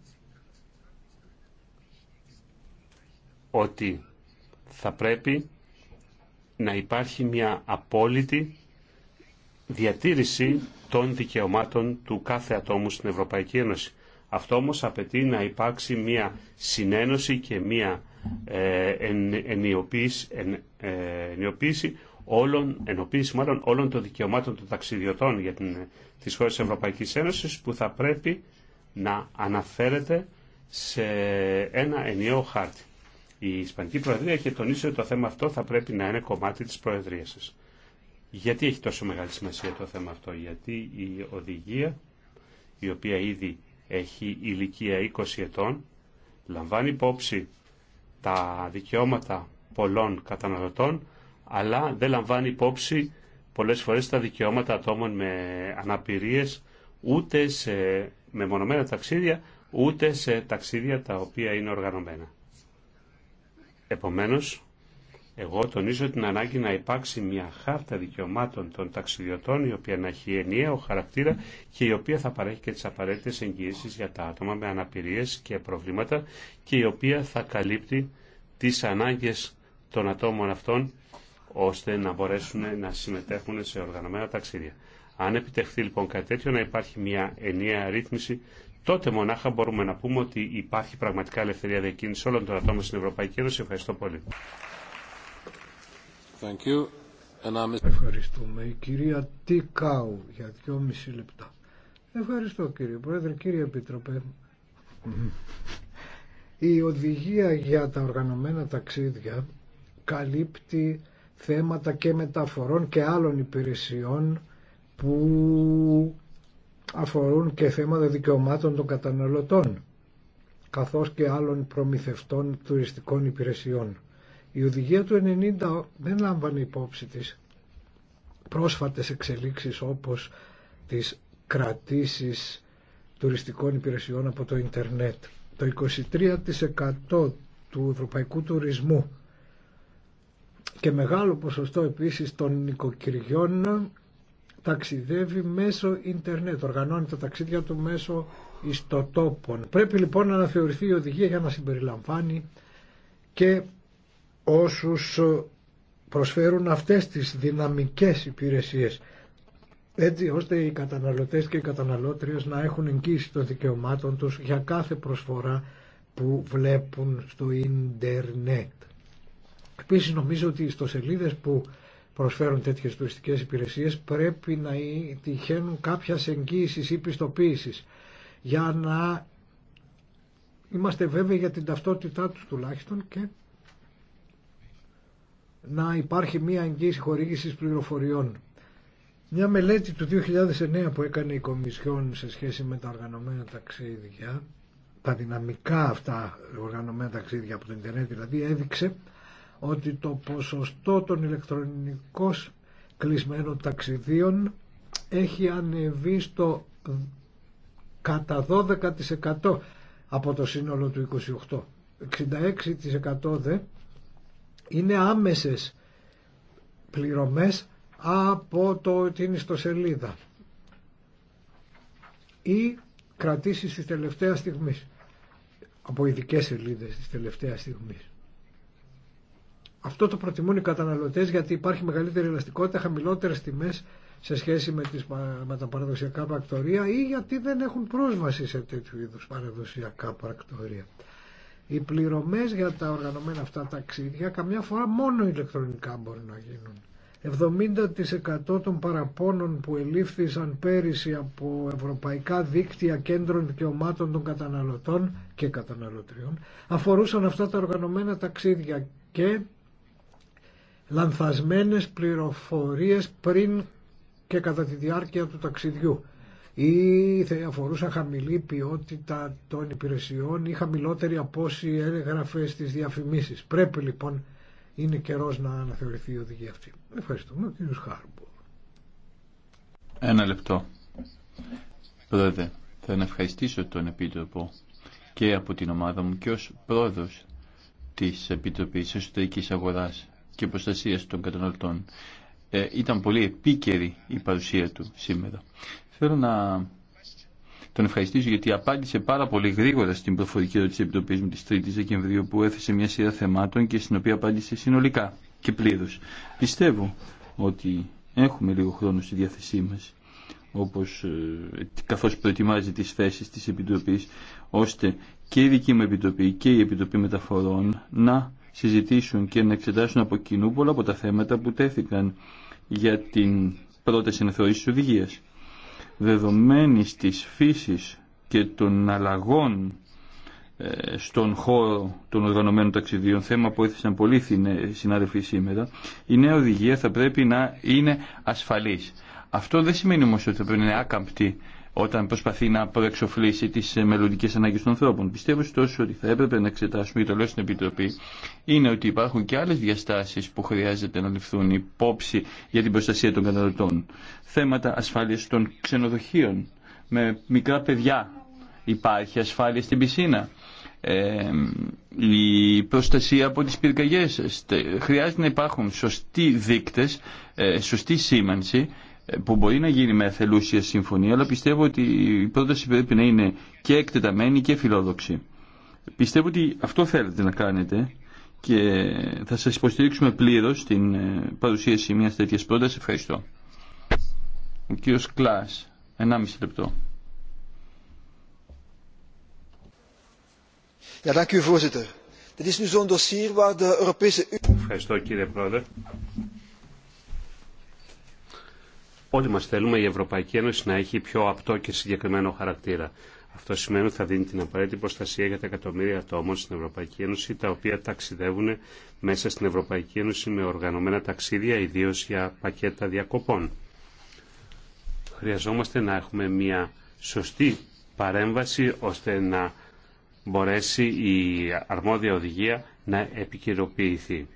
Speaker 2: ότι θα πρέπει να υπάρχει μια απόλυτη διατήρηση των δικαιωμάτων του κάθε ατόμου στην Ευρωπαϊκή Ένωση. Αυτό όμως απαιτεί να υπάρξει μια συνένωση και μια ε, εν, ε, όλων, ενοποίηση μάλλον όλων των δικαιωμάτων των ταξιδιωτών για την, τις χώρες της Ευρωπαϊκής Ένωσης που θα πρέπει να αναφέρεται σε ένα ενιαίο χάρτη. Η Ισπανική Προεδρία και τονίσει ότι το θέμα αυτό θα πρέπει να είναι κομμάτι της Προεδρίας σας. Γιατί έχει τόσο μεγάλη σημασία το θέμα αυτό, γιατί η οδηγία η οποία ήδη έχει ηλικία 20 ετών, λαμβάνει υπόψη τα δικαιώματα πολλών καταναλωτών, αλλά δεν λαμβάνει υπόψη πολλές φορές τα δικαιώματα ατόμων με αναπηρίες ούτε σε μεμονωμένα ταξίδια, ούτε σε ταξίδια τα οποία είναι οργανωμένα. Επομένως, εγώ τονίζω την ανάγκη να υπάρξει μια χάρτα δικαιωμάτων των ταξιδιωτών η οποία να έχει ενιαίο χαρακτήρα και η οποία θα παρέχει και τι απαραίτητε εγγύησει για τα άτομα με αναπηρίε και προβλήματα και η οποία θα καλύπτει τι ανάγκε των ατόμων αυτών ώστε να μπορέσουν να συμμετέχουν σε οργανωμένα ταξίδια. Αν επιτευχθεί λοιπόν κάτι τέτοιο να υπάρχει μια ενιαία ρύθμιση τότε μονάχα μπορούμε να πούμε ότι υπάρχει πραγματικά ελευθερία διακίνηση όλων των ατόμων στην Ευρωπαϊκή Ένωση. Ευχαριστώ πολύ. Thank you.
Speaker 3: Ευχαριστούμε. Η κυρία Τικάου για δυόμιση λεπτά. Ευχαριστώ κύριε Πρόεδρε, κύριε Επιτροπέ. Η οδηγία για τα οργανωμένα ταξίδια καλύπτει θέματα και μεταφορών και άλλων υπηρεσιών που αφορούν και θέματα δικαιωμάτων των καταναλωτών καθώς και άλλων προμηθευτών τουριστικών υπηρεσιών. Η οδηγία του 90 δεν λάμβανε υπόψη της πρόσφατες εξελίξεις όπως τις κρατήσεις τουριστικών υπηρεσιών από το ίντερνετ. Το 23% του ευρωπαϊκού τουρισμού και μεγάλο ποσοστό επίσης των νοικοκυριών ταξιδεύει μέσω ίντερνετ, οργανώνει τα ταξίδια του μέσω ιστοτόπων. Πρέπει λοιπόν να αναθεωρηθεί η οδηγία για να συμπεριλαμβάνει και όσους ε, προσφέρουν αυτές τις δυναμικές υπηρεσίες έτσι ώστε οι καταναλωτές και οι καταναλώτριες να έχουν εγγύηση των δικαιωμάτων τους για κάθε προσφορά που βλέπουν στο ίντερνετ. Επίσης νομίζω ότι οι σελίδες που προσφέρουν τέτοιες τουριστικές υπηρεσίες πρέπει να τυχαίνουν κάποια εγγύηση ή πιστοποίηση για να είμαστε βέβαιοι για την ταυτότητά τους τουλάχιστον και να υπάρχει μία εγγύηση χορήγησης πληροφοριών. Μια μελέτη του 2009 που έκανε η Κομισιόν σε σχέση με τα οργανωμένα ταξίδια, τα δυναμικά αυτά οργανωμένα ταξίδια από το Ιντερνετ δηλαδή, έδειξε ότι το ποσοστό των ηλεκτρονικών κλεισμένων ταξιδίων έχει ανεβεί στο κατά 12% από το σύνολο του 28. 66% δε είναι άμεσες πληρωμές από το, την ιστοσελίδα ή κρατήσεις της τελευταίας στιγμής από ειδικέ σελίδε της τελευταία στιγμή. Αυτό το προτιμούν οι καταναλωτές γιατί υπάρχει μεγαλύτερη ελαστικότητα, χαμηλότερες τιμές σε σχέση με, τις, με τα παραδοσιακά πρακτορία ή γιατί δεν έχουν πρόσβαση σε τέτοιου είδους παραδοσιακά πρακτορία. Οι πληρωμές για τα οργανωμένα αυτά ταξίδια καμιά φορά μόνο ηλεκτρονικά μπορεί να γίνουν. 70% των παραπώνων που ελήφθησαν πέρυσι από ευρωπαϊκά δίκτυα κέντρων δικαιωμάτων των καταναλωτών και καταναλωτριών αφορούσαν αυτά τα οργανωμένα ταξίδια και λανθασμένες πληροφορίες πριν και κατά τη διάρκεια του ταξιδιού ή αφορούσαν χαμηλή ποιότητα των υπηρεσιών ή χαμηλότερη απόση έγγραφε στις διαφημίσεις. Πρέπει λοιπόν, είναι καιρός να αναθεωρηθεί η οδηγία κύριος εγραφε στι διαφημισει πρεπει λοιπον ειναι καιρο να αναθεωρηθει η οδηγια αυτη ευχαριστουμε ο Χάρμπορ.
Speaker 4: Ένα λεπτό. Πρόεδρε, θα ευχαριστήσω τον Επίτροπο και από την ομάδα μου και ως πρόεδρος της Επιτροπής Εσωτερικής Αγοράς και Προστασίας των Καταναλωτών. Ε, ήταν πολύ επίκαιρη η παρουσία του σήμερα. Θέλω να τον ευχαριστήσω γιατί απάντησε πάρα πολύ γρήγορα στην προφορική ερώτηση τη Επιτροπή μου τη 3η Δεκεμβρίου που έθεσε μια σειρά θεμάτων και στην οποία απάντησε συνολικά και πλήρω. Πιστεύω ότι έχουμε λίγο χρόνο στη διάθεσή μα όπως ε, καθώς προετοιμάζει τις θέσεις της Επιτροπής ώστε και η δική μου Επιτροπή και η Επιτροπή Μεταφορών να συζητήσουν και να εξετάσουν από κοινού πολλά από τα θέματα που τέθηκαν για την πρόταση αναθεωρήσης οδηγίας δεδομένης της φύσης και των αλλαγών ε, στον χώρο των οργανωμένων ταξιδίων, θέμα που έθεσαν πολλοί συνάδελφοι σήμερα, η νέα οδηγία θα πρέπει να είναι ασφαλής. Αυτό δεν σημαίνει όμως ότι θα πρέπει να είναι άκαμπτη όταν προσπαθεί να προεξοφλήσει τις ε, μελλοντικέ ανάγκες των ανθρώπων. Πιστεύω ωστόσο ότι θα έπρεπε να εξετάσουμε, και το λέω στην Επιτροπή, είναι ότι υπάρχουν και άλλες διαστάσεις που χρειάζεται να ληφθούν υπόψη για την προστασία των καταναλωτών θέματα ασφάλειας των ξενοδοχείων. Με μικρά παιδιά υπάρχει ασφάλεια στην πισίνα. Ε, η προστασία από τις πυρκαγιές. Χρειάζεται να υπάρχουν σωστοί δείκτες, ε, σωστή σήμανση ε, που μπορεί να γίνει με αθελούσια συμφωνία, αλλά πιστεύω ότι η πρόταση πρέπει να είναι και εκτεταμένη και φιλόδοξη. Πιστεύω ότι αυτό θέλετε να κάνετε και θα σας υποστηρίξουμε πλήρως την παρουσίαση μιας τέτοιας πρότασης. Ευχαριστώ. Ο κύριος Κλάς, 1,5 λεπτό.
Speaker 2: Ευχαριστώ κύριε Πρόεδρε. Όλοι μας θέλουμε η Ευρωπαϊκή Ένωση να έχει πιο απτό και συγκεκριμένο χαρακτήρα. Αυτό σημαίνει ότι θα δίνει την απαραίτητη προστασία για τα εκατομμύρια ατόμων στην Ευρωπαϊκή Ένωση, τα οποία ταξιδεύουν μέσα στην Ευρωπαϊκή Ένωση με οργανωμένα ταξίδια, ιδίω για πακέτα διακοπών χρειαζόμαστε να έχουμε μια σωστή παρέμβαση ώστε να μπορέσει η αρμόδια οδηγία να επικαιροποιηθεί.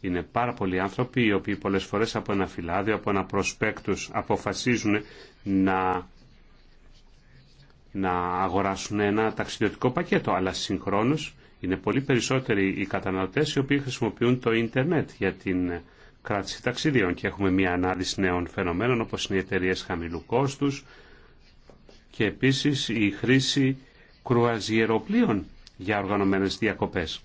Speaker 2: Είναι πάρα πολλοί άνθρωποι οι οποίοι πολλές φορές από ένα φυλάδιο, από ένα προσπέκτους αποφασίζουν να, να αγοράσουν ένα ταξιδιωτικό πακέτο, αλλά συγχρόνως είναι πολύ περισσότεροι οι καταναλωτές οι οποίοι χρησιμοποιούν το ίντερνετ για την κράτηση ταξιδίων και έχουμε μια ανάδυση νέων φαινομένων όπως είναι οι εταιρείε χαμηλού κόστους και επίσης η χρήση κρουαζιεροπλοίων για οργανωμένες διακοπές.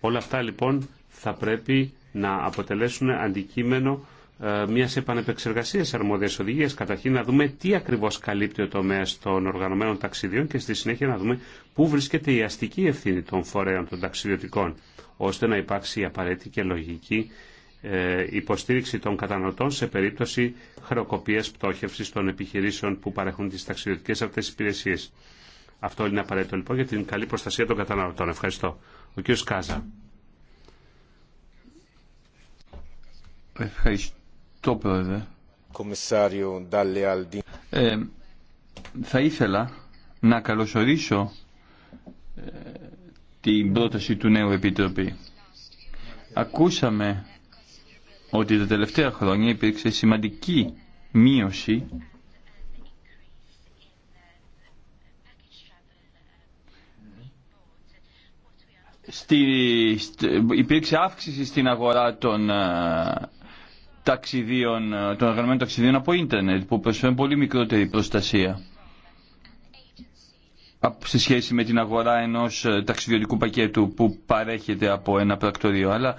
Speaker 2: Όλα αυτά λοιπόν θα πρέπει να αποτελέσουν αντικείμενο ε, μιας επανεπεξεργασίας αρμόδιας οδηγίας. Καταρχήν να δούμε τι ακριβώς καλύπτει ο τομέας των οργανωμένων ταξιδιών και στη συνέχεια να δούμε πού βρίσκεται η αστική ευθύνη των φορέων των ταξιδιωτικών, ώστε να υπάρξει η απαραίτητη και λογική ε, υποστήριξη των καταναλωτών σε περίπτωση χρεοκοπίας πτώχευσης των επιχειρήσεων που παρέχουν τις ταξιδιωτικές αυτές υπηρεσίες. Αυτό είναι απαραίτητο λοιπόν για την καλή προστασία των καταναλωτών. Ευχαριστώ. Ο κ. Κάζα.
Speaker 4: Ευχαριστώ πρόεδρε. Ε, θα ήθελα να καλωσορίσω ε, την πρόταση του νέου Επιτροπή. Ακούσαμε ότι τα τελευταία χρόνια υπήρξε σημαντική μείωση στη, υπήρξε αύξηση στην αγορά των ε, ταξιδίων, των ταξιδίων από ίντερνετ που προσφέρουν πολύ μικρότερη προστασία σε σχέση με την αγορά ενός ε, ταξιδιωτικού πακέτου που παρέχεται από ένα πρακτορείο αλλά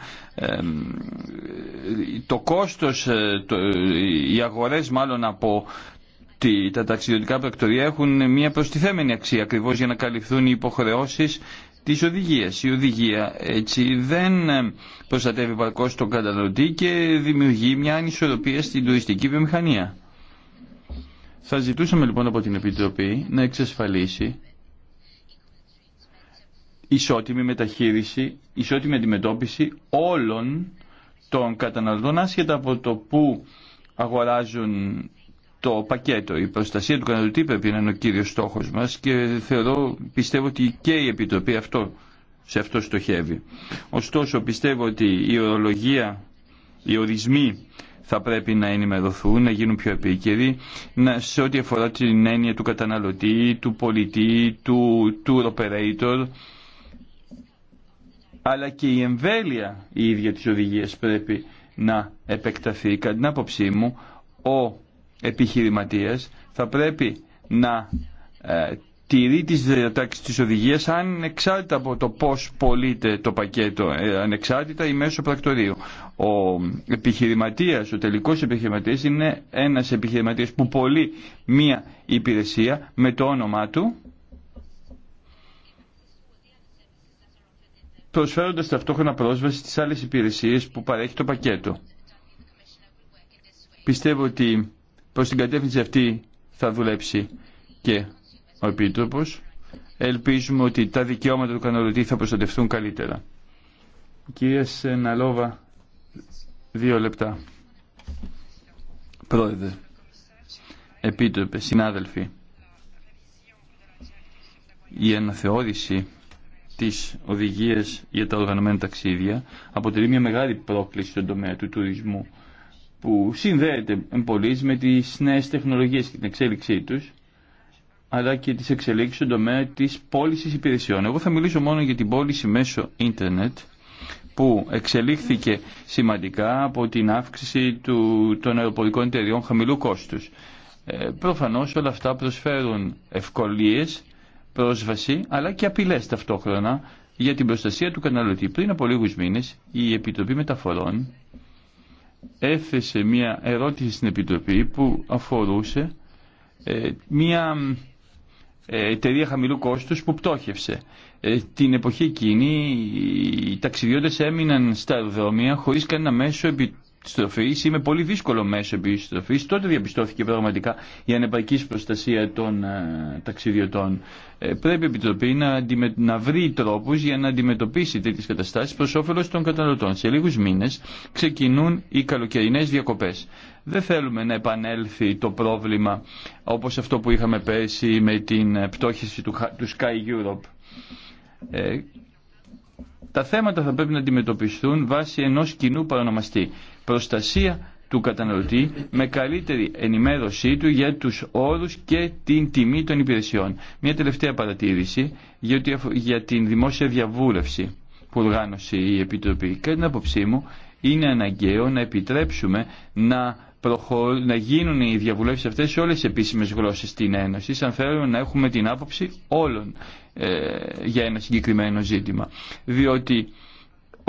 Speaker 4: το κόστος ε, ε, οι αγορές μάλλον από τη, τα ταξιδιωτικά πρακτορεία έχουν μια προστιθέμενη αξία ακριβώς για να καλυφθούν οι υποχρεώσεις της οδηγίας. Η οδηγία έτσι δεν προστατεύει παρκώς τον καταναλωτή και δημιουργεί μια ανισορροπία στην τουριστική βιομηχανία. Θα ζητούσαμε λοιπόν από την Επιτροπή να εξασφαλίσει ισότιμη μεταχείριση, ισότιμη αντιμετώπιση όλων των καταναλωτών άσχετα από το που αγοράζουν το πακέτο. Η προστασία του καταναλωτή πρέπει να είναι ο κύριος στόχος μας και θεωρώ, πιστεύω ότι και η Επιτροπή αυτό, σε αυτό στοχεύει. Ωστόσο πιστεύω ότι η ορολογία, οι ορισμοί θα πρέπει να ενημερωθούν, να γίνουν πιο επίκαιροι να, σε ό,τι αφορά την έννοια του καταναλωτή, του πολιτή, του, του operator, αλλά και η εμβέλεια η ίδια της οδηγίας πρέπει να επεκταθεί. Κατά την άποψή μου, ο επιχειρηματίας θα πρέπει να ε, τηρεί τις διατάξεις της οδηγίας αν από το πώς πωλείται το πακέτο, ε, ανεξάρτητα ή μέσω πρακτορείου. Ο επιχειρηματίας, ο τελικός επιχειρηματίας είναι ένας επιχειρηματίας που πωλεί μία υπηρεσία με το όνομά του Προσφέροντα ταυτόχρονα πρόσβαση στις άλλες υπηρεσίες που παρέχει το πακέτο. Πιστεύω ότι προς την κατεύθυνση αυτή θα δουλέψει και ο Επίτροπος. Ελπίζουμε ότι τα δικαιώματα του καναλωτή θα προστατευτούν καλύτερα. Κυρία Σεναλόβα, δύο λεπτά. Πρόεδρε, Επίτροπε, συνάδελφοι, η αναθεώρηση τις οδηγίες για τα οργανωμένα ταξίδια αποτελεί μια μεγάλη πρόκληση στον τομέα του τουρισμού που συνδέεται πολύ με τις νέες τεχνολογίες και την εξέλιξή τους αλλά και τις εξελίξεις στον τομέα της πώληση υπηρεσιών. Εγώ θα μιλήσω μόνο για την πώληση μέσω ίντερνετ που εξελίχθηκε σημαντικά από την αύξηση του, των αεροπορικών εταιριών χαμηλού κόστους. Ε, προφανώς όλα αυτά προσφέρουν ευκολίες πρόσβαση αλλά και απειλές ταυτόχρονα για την προστασία του καταναλωτή. Πριν από λίγους μήνες η Επιτροπή Μεταφορών έθεσε μια ερώτηση στην Επιτροπή που αφορούσε ε, μια ε, εταιρεία χαμηλού κόστους που πτώχευσε. Ε, την εποχή εκείνη οι ταξιδιώτες έμειναν στα αεροδρόμια χωρίς κανένα μέσο επιτροπή επιστροφή, ή με πολύ δύσκολο μέσο επιστροφή, τότε διαπιστώθηκε πραγματικά η με πολυ δυσκολο μεσο επιστροφή. τοτε διαπιστωθηκε πραγματικα η ανεπαρκη προστασια των ε, ταξιδιωτών. Ε, πρέπει η Επιτροπή να, αντιμε... να βρει τρόπου για να αντιμετωπίσει τέτοιε καταστάσει προ όφελο των καταναλωτών. Σε λίγου μήνε ξεκινούν οι καλοκαιρινέ διακοπέ. Δεν θέλουμε να επανέλθει το πρόβλημα όπως αυτό που είχαμε πέρσι με την πτώχευση του, του Sky Europe. Ε, τα θέματα θα πρέπει να αντιμετωπιστούν βάσει ενός κοινού παρονομαστή προστασία του καταναλωτή με καλύτερη ενημέρωσή του για τους όρους και την τιμή των υπηρεσιών. Μια τελευταία παρατήρηση για την δημόσια διαβούλευση που οργάνωσε η Επιτροπή. Κατά την άποψή μου είναι αναγκαίο να επιτρέψουμε να να γίνουν οι διαβούλευσεις αυτές σε όλες τι επίσημε γλώσσε στην Ένωση, σαν θέλουμε να έχουμε την άποψη όλων ε, για ένα συγκεκριμένο ζήτημα. Διότι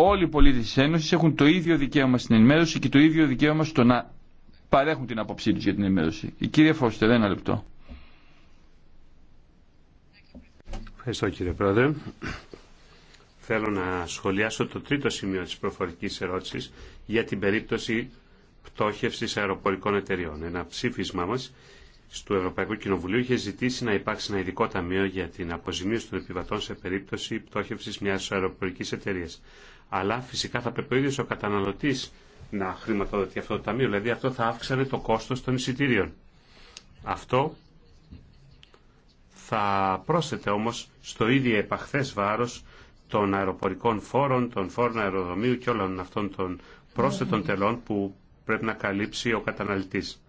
Speaker 4: όλοι οι πολίτες της Ένωσης έχουν το ίδιο δικαίωμα στην ενημέρωση και το ίδιο δικαίωμα στο να παρέχουν την άποψή τους για την ενημέρωση. Η κυρία Φώστερ, ένα λεπτό.
Speaker 2: Ευχαριστώ κύριε Πρόεδρε. Θέλω να σχολιάσω το τρίτο σημείο της προφορικής ερώτησης για την περίπτωση πτώχευσης αεροπορικών εταιριών. Ένα ψήφισμά μας στο Ευρωπαϊκό Κοινοβουλίο είχε ζητήσει να υπάρξει ένα ειδικό ταμείο για την αποζημίωση των επιβατών σε περίπτωση πτώχευσης μιας αεροπορικής εταιρείας αλλά φυσικά θα πρέπει ο ίδιος ο καταναλωτής να χρηματοδοτεί αυτό το ταμείο, δηλαδή αυτό θα αύξανε το κόστος των εισιτήριων. Αυτό θα πρόσθεται όμως στο ίδιο επαχθές βάρος των αεροπορικών φόρων, των φόρων αεροδρομίου και όλων αυτών των πρόσθετων τελών που πρέπει να καλύψει ο καταναλωτής.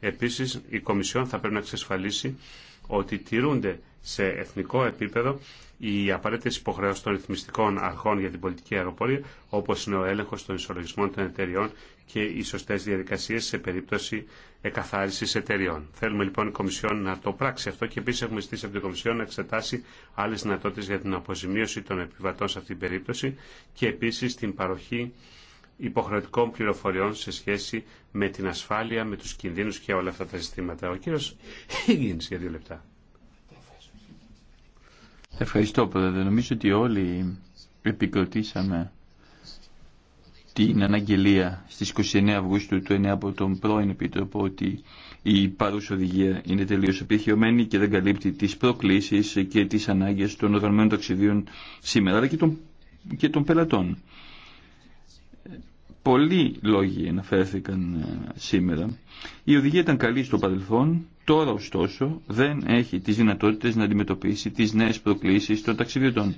Speaker 2: Επίσης, η Κομισιόν θα πρέπει να εξασφαλίσει ότι τηρούνται σε εθνικό επίπεδο οι απαραίτητε υποχρεώσει των ρυθμιστικών αρχών για την πολιτική αεροπορία, όπω είναι ο έλεγχο των ισολογισμών των εταιριών και οι σωστέ διαδικασίε σε περίπτωση εκαθάριση εταιριών. Θέλουμε λοιπόν η Κομισιόν να το πράξει αυτό και επίση έχουμε ζητήσει από την Κομισιόν να εξετάσει άλλε δυνατότητε για την αποζημίωση των επιβατών σε αυτήν την περίπτωση και επίση την παροχή υποχρεωτικών πληροφοριών σε σχέση με την ασφάλεια, με τους κινδύνους και όλα αυτά τα συστήματα. Ο κύριο Higgins για δύο λεπτά.
Speaker 4: Ευχαριστώ πρόεδρε. Νομίζω ότι όλοι επικροτήσαμε την αναγγελία στις 29 Αυγούστου του 9 από τον πρώην Επίτροπο ότι η παρούσα οδηγία είναι τελείως επιχειωμένη και δεν καλύπτει τις προκλήσεις και τις ανάγκες των οργανωμένων ταξιδίων σήμερα αλλά και και των πελατών πολλοί λόγοι αναφέρθηκαν ε, σήμερα. Η οδηγία ήταν καλή στο παρελθόν, τώρα ωστόσο δεν έχει τις δυνατότητες να αντιμετωπίσει τις νέες προκλήσεις των ταξιδιωτών.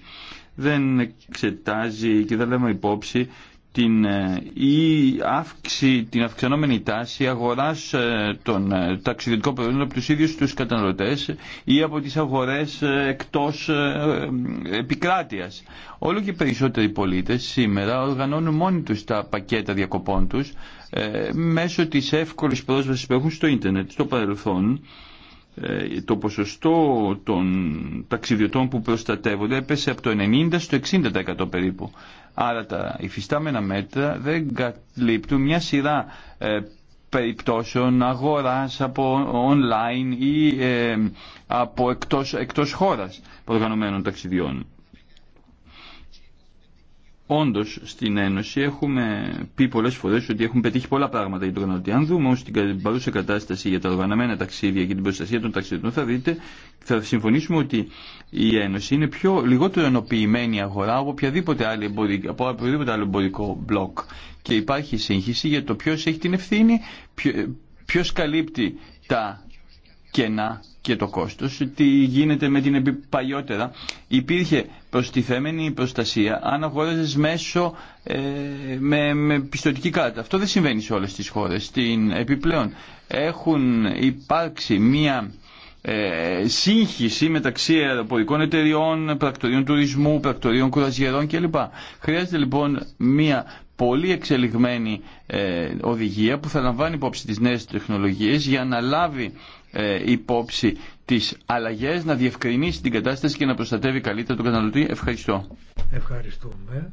Speaker 4: Δεν εξετάζει και δεν λέμε υπόψη την, ή ε, αύξη, την αυξανόμενη τάση αγοράς ε, των ε, ταξιδιωτικών προϊόντων από τους ίδιους τους καταναλωτές ή από τις αγορές εκτός επικράτειας. Όλο και περισσότεροι πολίτες σήμερα οργανώνουν μόνοι τους τα πακέτα διακοπών τους μέσω της εύκολης πρόσβασης που έχουν στο ίντερνετ, στο παρελθόν ε, το ποσοστό των ταξιδιωτών που προστατεύονται έπεσε από το 90% στο 60% περίπου. Άρα τα υφιστάμενα μέτρα δεν καλύπτουν μια σειρά ε, περιπτώσεων αγοράς από online ή ε, από εκτός, εκτός χώρας προγραμμένων ταξιδιών όντως στην Ένωση έχουμε πει πολλές φορές ότι έχουν πετύχει πολλά πράγματα για τον καταναλωτή. Αν δούμε όμω την παρούσα κατάσταση για τα οργανωμένα ταξίδια και την προστασία των ταξιδιωτών θα δείτε, θα συμφωνήσουμε ότι η Ένωση είναι πιο λιγότερο ενοποιημένη αγορά από οποιαδήποτε άλλη εμπορική, από οποιοδήποτε άλλο εμπορικό μπλοκ. Και υπάρχει σύγχυση για το ποιο έχει την ευθύνη, ποιο καλύπτει τα κενά και το κόστος, τι γίνεται με την παλιότερα. Υπήρχε προστιθέμενη προστασία αν αγόραζες μέσω ε, με, με πιστοτική κάρτα. Αυτό δεν συμβαίνει σε όλες τις χώρες. Στην επιπλέον έχουν υπάρξει μία ε, σύγχυση μεταξύ αεροπορικών εταιριών, πρακτορείων τουρισμού, πρακτορείων κουραζιερών κλπ. Χρειάζεται λοιπόν μία πολύ εξελιγμένη ε, οδηγία που θα λαμβάνει υπόψη τις νέες τεχνολογίες για να λάβει ε, υπόψη τις αλλαγές, να διευκρινίσει την κατάσταση και να προστατεύει καλύτερα τον καταναλωτή. Ευχαριστώ.
Speaker 3: Ευχαριστούμε.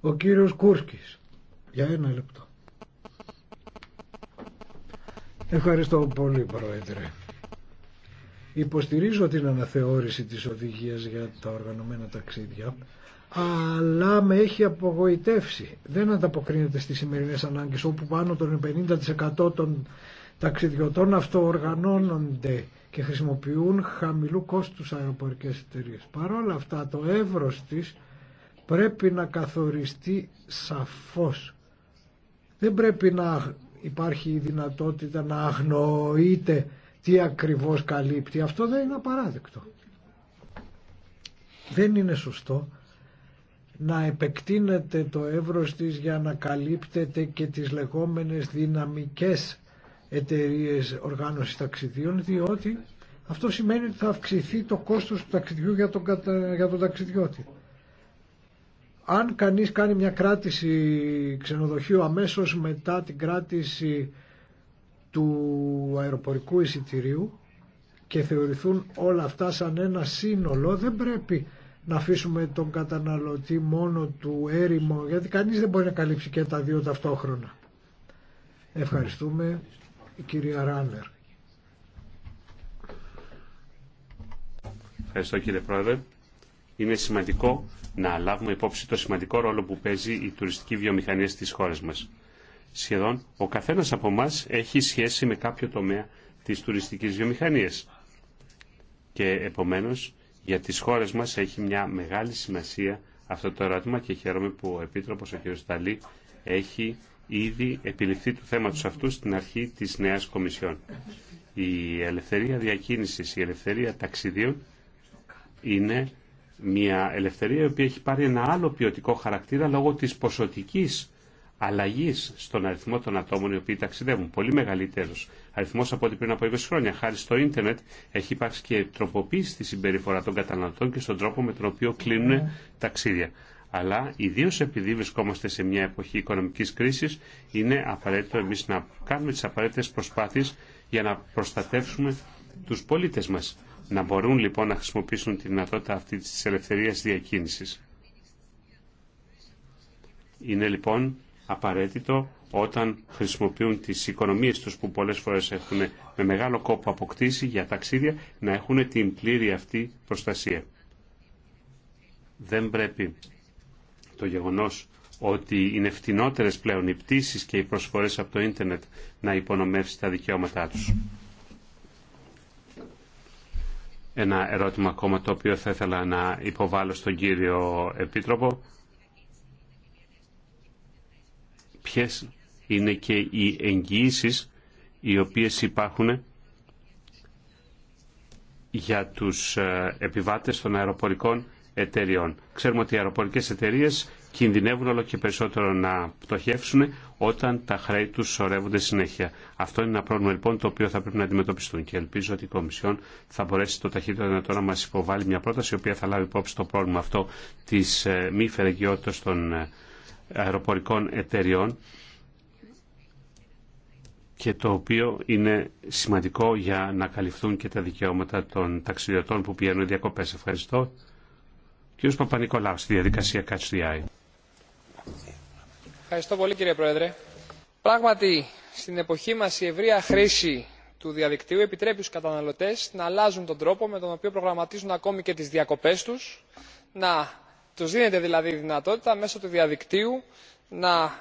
Speaker 3: Ο κύριος Κούρκης. Για ένα λεπτό. Ευχαριστώ πολύ Πρόεδρε. Υποστηρίζω την αναθεώρηση της οδηγίας για τα οργανωμένα ταξίδια, αλλά με έχει απογοητεύσει. Δεν ανταποκρίνεται στις σημερινές ανάγκες, όπου πάνω των 50% των ταξιδιωτών αυτοοργανώνονται και χρησιμοποιούν χαμηλού κόστους αεροπορικές εταιρείες. Παρ' όλα αυτά το εύρος της πρέπει να καθοριστεί σαφώς. Δεν πρέπει να υπάρχει η δυνατότητα να αγνοείται τι ακριβώς καλύπτει. Αυτό δεν είναι απαράδεκτο. Δεν είναι σωστό να επεκτείνεται το εύρος της για να καλύπτεται και τις λεγόμενες δυναμικές εταιρείε οργάνωση ταξιδίων διότι αυτό σημαίνει ότι θα αυξηθεί το κόστος του ταξιδιού για τον, για τον ταξιδιώτη. Αν κανείς κάνει μια κράτηση ξενοδοχείου αμέσως μετά την κράτηση του αεροπορικού εισιτηρίου και θεωρηθούν όλα αυτά σαν ένα σύνολο δεν πρέπει να αφήσουμε τον καταναλωτή μόνο του έρημο γιατί κανείς δεν μπορεί να καλύψει και τα δύο ταυτόχρονα. Ευχαριστούμε η κυρία Ράνερ.
Speaker 2: Ευχαριστώ κύριε Πρόεδρε. Είναι σημαντικό να λάβουμε υπόψη το σημαντικό ρόλο που παίζει η τουριστική βιομηχανία στις χώρες μας. Σχεδόν ο καθένας από εμά έχει σχέση με κάποιο τομέα της τουριστικής βιομηχανίας. Και επομένως για τις χώρες μας έχει μια μεγάλη σημασία αυτό το ερώτημα και χαίρομαι που ο Επίτροπος ο κ. Σταλή έχει ήδη επιληφθεί του θέματος αυτού στην αρχή της νέας Κομισιόν. Η ελευθερία διακίνησης, η ελευθερία ταξιδίων είναι μια ελευθερία η οποία έχει πάρει ένα άλλο ποιοτικό χαρακτήρα λόγω της ποσοτικής αλλαγή στον αριθμό των ατόμων οι οποίοι ταξιδεύουν. Πολύ μεγαλύτερο αριθμό από ό,τι πριν από 20 χρόνια. Χάρη στο ίντερνετ έχει υπάρξει και τροποποίηση στη συμπεριφορά των καταναλωτών και στον τρόπο με τον οποίο κλείνουν ταξίδια αλλά ιδίω επειδή βρισκόμαστε σε μια εποχή οικονομική κρίση, είναι απαραίτητο εμεί να κάνουμε τι απαραίτητε προσπάθειε για να προστατεύσουμε του πολίτε μα. Να μπορούν λοιπόν να χρησιμοποιήσουν τη δυνατότητα αυτή τη ελευθερία διακίνηση. Είναι λοιπόν απαραίτητο όταν χρησιμοποιούν τις οικονομίες τους που πολλές φορές έχουν με μεγάλο κόπο αποκτήσει για ταξίδια να έχουν την πλήρη αυτή προστασία. Δεν πρέπει το γεγονός ότι είναι φτηνότερες πλέον οι πτήσεις και οι προσφορές από το ίντερνετ να υπονομεύσει τα δικαιώματά τους. Ένα ερώτημα ακόμα το οποίο θα ήθελα να υποβάλω στον κύριο Επίτροπο. Ποιες είναι και οι εγγυήσει οι οποίες υπάρχουν για τους ε, επιβάτες των αεροπορικών εταιριών. Ξέρουμε ότι οι αεροπορικέ εταιρείε κινδυνεύουν όλο και περισσότερο να πτωχεύσουν όταν τα χρέη του σωρεύονται συνέχεια. Αυτό είναι ένα πρόβλημα λοιπόν το οποίο θα πρέπει να αντιμετωπιστούν και ελπίζω ότι η Κομισιόν θα μπορέσει το ταχύτερο δυνατό να μα υποβάλει μια πρόταση η οποία θα λάβει υπόψη το πρόβλημα αυτό τη ε, μη φερεγγιότητα των ε, αεροπορικών εταιριών και το οποίο είναι σημαντικό για να καλυφθούν και τα δικαιώματα των ταξιδιωτών που πηγαίνουν διακοπές. Ευχαριστώ. Κύριος Παπα-Νικολάου, στη διαδικασία Catch the Eye.
Speaker 5: Ευχαριστώ πολύ κύριε Πρόεδρε. Πράγματι, στην εποχή μα η ευρεία χρήση του διαδικτύου επιτρέπει στου καταναλωτέ να αλλάζουν τον τρόπο με τον οποίο προγραμματίζουν ακόμη και τι διακοπέ του, να του δίνεται δηλαδή η δυνατότητα μέσω του διαδικτύου να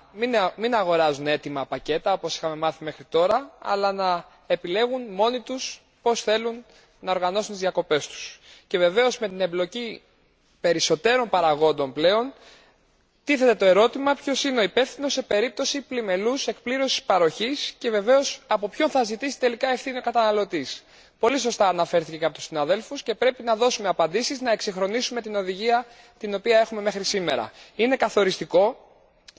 Speaker 5: μην αγοράζουν έτοιμα πακέτα όπω είχαμε μάθει μέχρι τώρα, αλλά να επιλέγουν μόνοι του πώ θέλουν να οργανώσουν τι διακοπέ του. Και βεβαίω με την εμπλοκή περισσότερων παραγόντων πλέον τίθεται το ερώτημα ποιο είναι ο υπεύθυνο σε περίπτωση πλημελού εκπλήρωσης παροχή και βεβαίω από ποιον θα ζητήσει τελικά ευθύνη ο καταναλωτής. πολύ σωστά αναφέρθηκε και από του συναδέλφου και πρέπει να δώσουμε απαντήσει να εξυγχρονίσουμε την οδηγία την οποία έχουμε μέχρι σήμερα. είναι καθοριστικό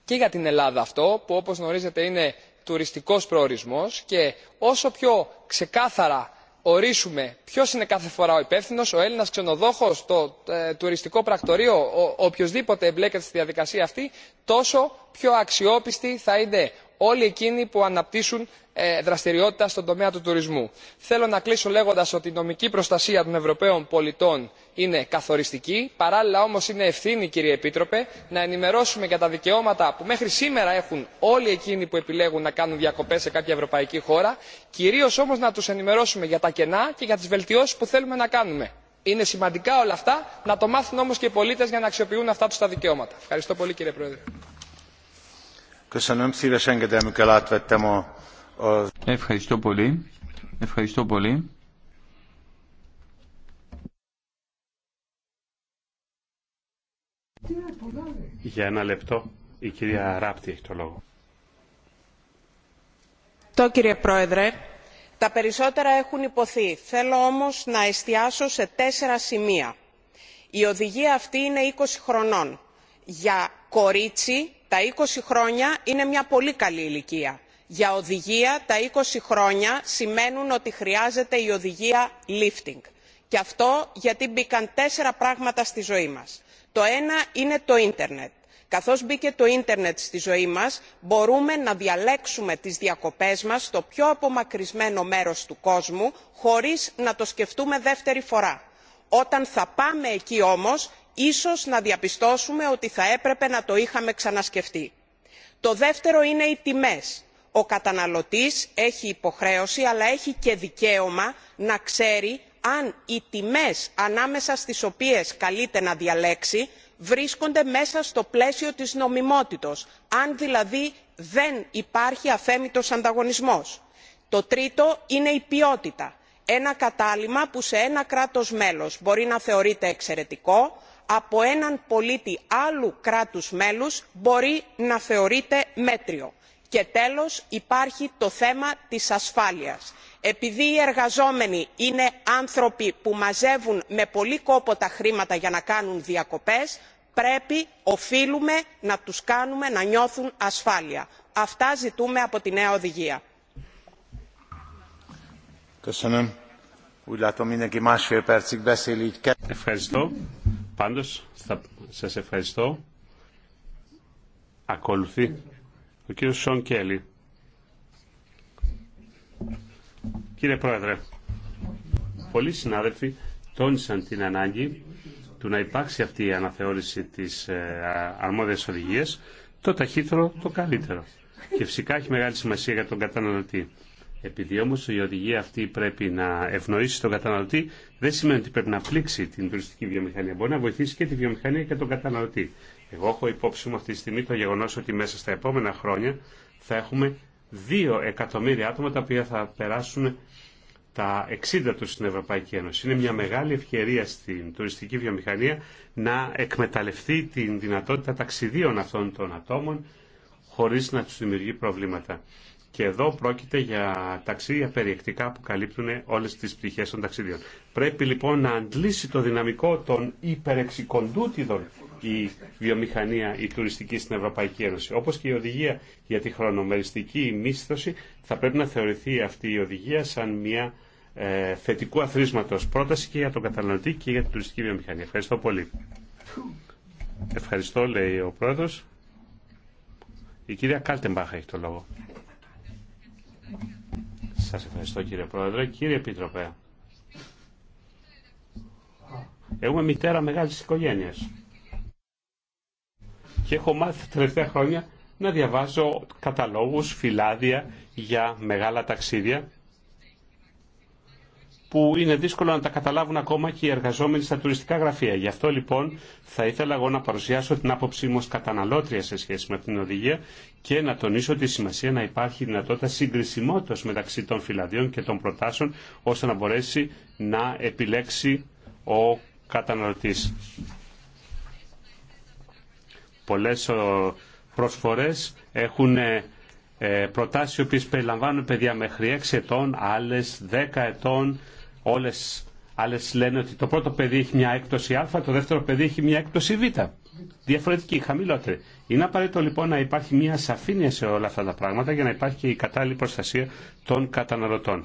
Speaker 5: και για την ελλάδα αυτό που όπω γνωρίζετε είναι τουριστικό προορισμό και όσο πιο ξεκάθαρα ορίσουμε ποιο είναι κάθε φορά ο υπεύθυνο ο έλληνα ξενοδόχο το ε, τουριστικό πρακτορείο οποιοδήποτε εμπλέκεται στη διαδικασία αυτή τόσο πιο αξιόπιστοι θα είναι όλοι εκείνοι που αναπτύσσουν ε, δραστηριότητα στον τομέα του τουρισμού. θέλω να κλείσω λέγοντα ότι η νομική προστασία των ευρωπαίων πολιτών είναι καθοριστική παράλληλα όμω είναι ευθύνη κύριε επίτροπε να ενημερώσουμε για τα δικαιώματα που μέχρι σήμερα έχουν όλοι εκείνοι που επιλέγουν να κάνουν διακοπέ σε κάποια ευρωπαϊκή χώρα Κυρίω όμω να του ενημερώσουμε για τα κενά και για τι βελτιώσει που θέλουμε να κάνουμε. είναι σημαντικά όλα αυτά να το μάθουν όμω και οι πολίτε για να αξιοποιούν αυτά του τα δικαιώματα. ευχαριστώ πολύ κύριε πρόεδρε.
Speaker 4: Ευχαριστώ πολύ. Ευχαριστώ πολύ. Για ένα λεπτό,
Speaker 2: η κυρία Ράπτη έχει το λόγο.
Speaker 6: Το κύριε Πρόεδρε, τα περισσότερα έχουν υποθεί. Θέλω όμως να εστιάσω σε τέσσερα σημεία. Η οδηγία αυτή είναι 20 χρονών. Για κορίτσι τα είκοσι χρόνια είναι μια πολύ καλή ηλικία. για οδηγία τα είκοσι χρόνια σημαίνουν ότι χρειάζεται η οδηγία lifting και αυτό γιατί μπήκαν τέσσερα πράγματα στη ζωή μας. το ένα είναι το ίντερνετ. καθώς μπήκε το ίντερνετ στη ζωή μας μπορούμε να διαλέξουμε τις διακοπές μας στο πιο απομακρυσμένο μέρος του κόσμου χωρίς να το σκεφτούμε δεύτερη φορά. όταν θα πάμε εκεί όμως ίσως να διαπιστώσουμε ότι θα έπρεπε να το είχαμε ξανασκεφτεί. το δεύτερο είναι οι τιμές. ο καταναλωτής έχει υποχρέωση αλλά έχει και δικαίωμα να ξέρει αν οι τιμές ανάμεσα στις οποίες καλείται να διαλέξει βρίσκονται μέσα στο πλαίσιο της νομιμότητος αν δηλαδή δεν υπάρχει αφέμητος ανταγωνισμός. το τρίτο είναι η ποιότητα ένα κατάλημα που σε ένα κράτος μέλος μπορεί να θεωρείται εξαιρετικό από έναν πολίτη άλλου κράτους μέλους μπορεί να θεωρείται μέτριο. και τέλος υπάρχει το θέμα της ασφάλειας. επειδή οι εργαζόμενοι είναι άνθρωποι που μαζεύουν με πολύ κόπο τα χρήματα για να κάνουν διακοπές πρέπει οφείλουμε να τους κάνουμε να νιώθουν ασφάλεια. αυτά ζητούμε από τη νέα οδηγία.
Speaker 2: Πάντως, θα σας ευχαριστώ. Ακολουθεί ο κύριος Σον Κέλλη. Κύριε Πρόεδρε, πολλοί συνάδελφοι τόνισαν την ανάγκη του να υπάρξει αυτή η αναθεώρηση της ε, αρμόδιας οδηγίας, το ταχύτερο το καλύτερο. Και φυσικά έχει μεγάλη σημασία για τον καταναλωτή. Επειδή όμω η οδηγία αυτή πρέπει να ευνοήσει τον καταναλωτή, δεν σημαίνει ότι πρέπει να πλήξει την τουριστική βιομηχανία. Μπορεί να βοηθήσει και τη βιομηχανία και τον καταναλωτή. Εγώ έχω υπόψη μου αυτή τη στιγμή το γεγονό ότι μέσα στα επόμενα χρόνια θα έχουμε δύο εκατομμύρια άτομα τα οποία θα περάσουν τα 60 του στην Ευρωπαϊκή Ένωση. Είναι μια μεγάλη ευκαιρία στην τουριστική βιομηχανία να εκμεταλλευτεί την δυνατότητα ταξιδίων αυτών των ατόμων χωρίς να του δημιουργεί προβλήματα. Και εδώ πρόκειται για ταξίδια περιεκτικά που καλύπτουν όλες τις πτυχές των ταξιδιών. Πρέπει λοιπόν να αντλήσει το δυναμικό των υπερεξικοντούτιδων η βιομηχανία, η τουριστική στην Ευρωπαϊκή Ένωση. Όπως και η οδηγία για τη χρονομεριστική μίσθωση, θα πρέπει να θεωρηθεί αυτή η οδηγία σαν μια ε, θετικού αθροίσματος πρόταση και για τον καταναλωτή και για την τουριστική βιομηχανία. Ευχαριστώ πολύ. Ευχαριστώ, λέει ο Πρόεδρος. Η κυρία Κάλτεμπάχα έχει το λόγο. Σας ευχαριστώ κύριε Πρόεδρε. Κύριε Επίτροπε, Έχουμε μητέρα μεγάλης οικογένειας και έχω μάθει τα τελευταία χρόνια να διαβάζω καταλόγους, φυλάδια για μεγάλα ταξίδια που είναι δύσκολο να τα καταλάβουν ακόμα και οι εργαζόμενοι στα τουριστικά γραφεία. Γι' αυτό λοιπόν θα ήθελα εγώ να παρουσιάσω την άποψή μου ως καταναλώτρια σε σχέση με την οδηγία και να τονίσω τη σημασία να υπάρχει δυνατότητα συγκρισιμότητας μεταξύ των φυλαδιών και των προτάσεων ώστε να μπορέσει να επιλέξει ο καταναλωτής. Πολλές ε, προσφορές έχουν ε, ε, προτάσεις οι οποίες περιλαμβάνουν παιδιά μέχρι 6 ετών, άλλες 10 ετών, Όλε άλλε λένε ότι το πρώτο παιδί έχει μια έκπτωση α, το δεύτερο παιδί έχει μια έκπτωση β. Διαφορετική, χαμηλότερη. Είναι απαραίτητο λοιπόν να υπάρχει μια σαφήνεια σε όλα αυτά τα πράγματα για να υπάρχει και η κατάλληλη προστασία των καταναλωτών.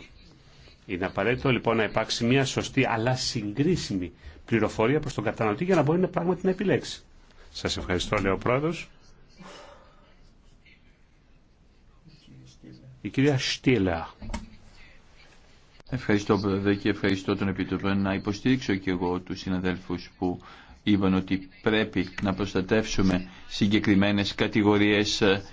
Speaker 2: Είναι απαραίτητο λοιπόν να υπάρξει μια σωστή αλλά συγκρίσιμη πληροφορία προ τον καταναλωτή για να μπορεί να πράγματι να επιλέξει. Σα ευχαριστώ λέει ο πρόεδρο.
Speaker 4: Η κυρία Στήλα. Ευχαριστώ Πρόεδρε και ευχαριστώ τον Επίτροπο να υποστήριξω και εγώ τους συναδέλφους που είπαν ότι πρέπει να προστατεύσουμε συγκεκριμένες κατηγορίες ε,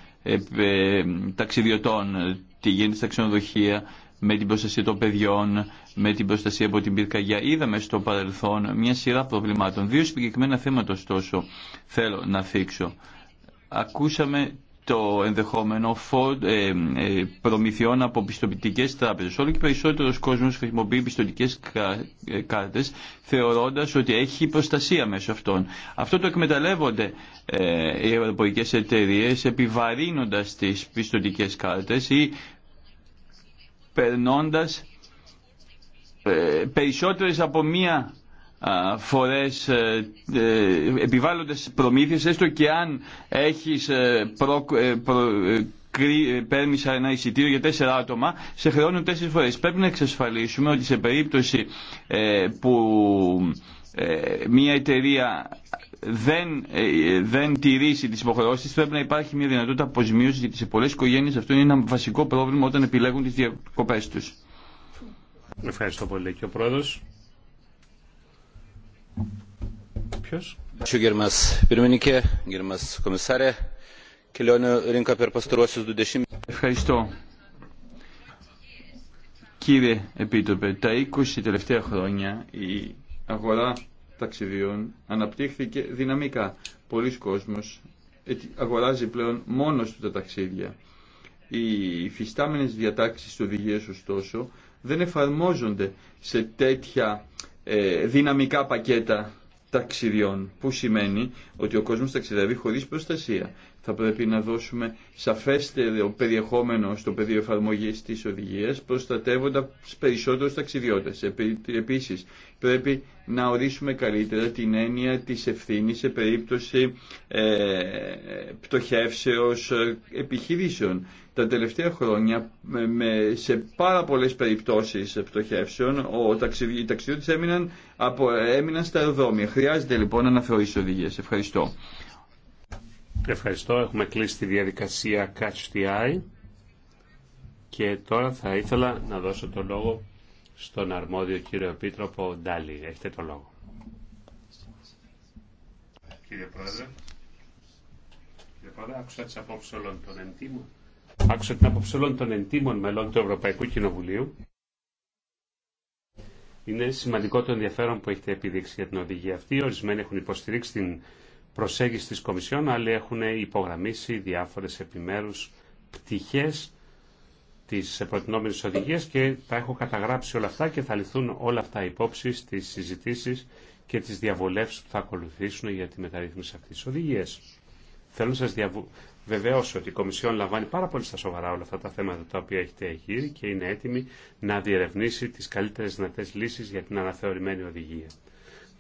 Speaker 4: ε, ταξιδιωτών, τη γίνεται στα ξενοδοχεία, με την προστασία των παιδιών, με την προστασία από την πυρκαγιά. Είδαμε στο παρελθόν μια σειρά προβλημάτων. Δύο συγκεκριμένα θέματα ωστόσο θέλω να θίξω. Ακούσαμε το ενδεχόμενο ε, ε, προμηθειών από πιστοποιητικέ τράπεζε. Όλο και περισσότερο κόσμο χρησιμοποιεί πιστοποιητικέ ε, κάρτε, θεωρώντα ότι έχει προστασία μέσω αυτών. Αυτό το εκμεταλλεύονται οι ευρωπαϊκέ εταιρείε, επιβαρύνοντα τι πιστοποιητικέ κάρτε ή περνώντα περισσότερες από μία φορές ε, ε, επιβάλλοντας προμήθειες έστω και αν έχεις ε, προ, προ, παίρνει ένα εισιτήριο για τέσσερα άτομα, σε χρεώνουν τέσσερις φορές. Πρέπει να εξασφαλίσουμε ότι σε περίπτωση που μια εταιρεία δεν, δεν τηρήσει τις υποχρεώσεις πρέπει να υπάρχει μια δυνατότητα αποσμίωσης γιατί σε πολλές οικογένειες αυτό είναι ένα βασικό πρόβλημα όταν επιλέγουν τις διακοπές τους. Ευχαριστώ πολύ και ο Πρόεδρος. Ευχαριστώ. Κύριε Επίτροπε, τα 20 τελευταία χρόνια η αγορά ταξιδιών αναπτύχθηκε δυναμικά. Πολλοί κόσμος αγοράζει πλέον μόνο του τα ταξίδια. Οι φυστάμενες διατάξεις του οδηγίας ωστόσο δεν εφαρμόζονται σε τέτοια ε, δυναμικά πακέτα ταξιδιών που σημαίνει ότι ο κόσμος ταξιδεύει χωρίς προστασία θα πρέπει να δώσουμε σαφέστερο περιεχόμενο στο πεδίο εφαρμογή τη οδηγία, προστατεύοντα περισσότερου ταξιδιώτε. Επίση, πρέπει να ορίσουμε καλύτερα την έννοια τη ευθύνη σε περίπτωση ε, πτωχεύσεω ε, επιχειρήσεων. Τα τελευταία χρόνια, με, σε πάρα πολλέ περιπτώσει πτωχεύσεων, ο, οι ταξιδιώτε έμειναν, έμειναν στα αεροδρόμια. Χρειάζεται λοιπόν να αναθεωρήσει οδηγίε. Ευχαριστώ. Ευχαριστώ. Έχουμε
Speaker 2: κλείσει τη διαδικασία Catch the Eye και τώρα θα ήθελα να δώσω το λόγο στον αρμόδιο κύριο Επίτροπο Ντάλι. Έχετε το λόγο. Κύριε Πρόεδρε, κύριε Πρόεδρε, άκουσα τις απόψεις των εντύμων. Άκουσα την απόψη όλων των εντύμων μελών του Ευρωπαϊκού Κοινοβουλίου. Είναι σημαντικό το ενδιαφέρον που έχετε επιδείξει για την οδηγία αυτή. Ορισμένοι έχουν υποστηρίξει την προσέγγιση της Κομισιόν, αλλά έχουν υπογραμμίσει διάφορες επιμέρους πτυχές της προτινόμενης οδηγίας και τα έχω καταγράψει όλα αυτά και θα λυθούν όλα αυτά υπόψη στις συζητήσεις και τις διαβολεύσεις που θα ακολουθήσουν για τη μεταρρύθμιση αυτής της οδηγίας. Θέλω να σας διαβου... βεβαιώσω ότι η Κομισιόν λαμβάνει πάρα πολύ στα σοβαρά όλα αυτά τα θέματα τα οποία έχετε εγείρει και είναι έτοιμη να διερευνήσει τις καλύτερε δυνατέ λύσει για την αναθεωρημένη οδηγία.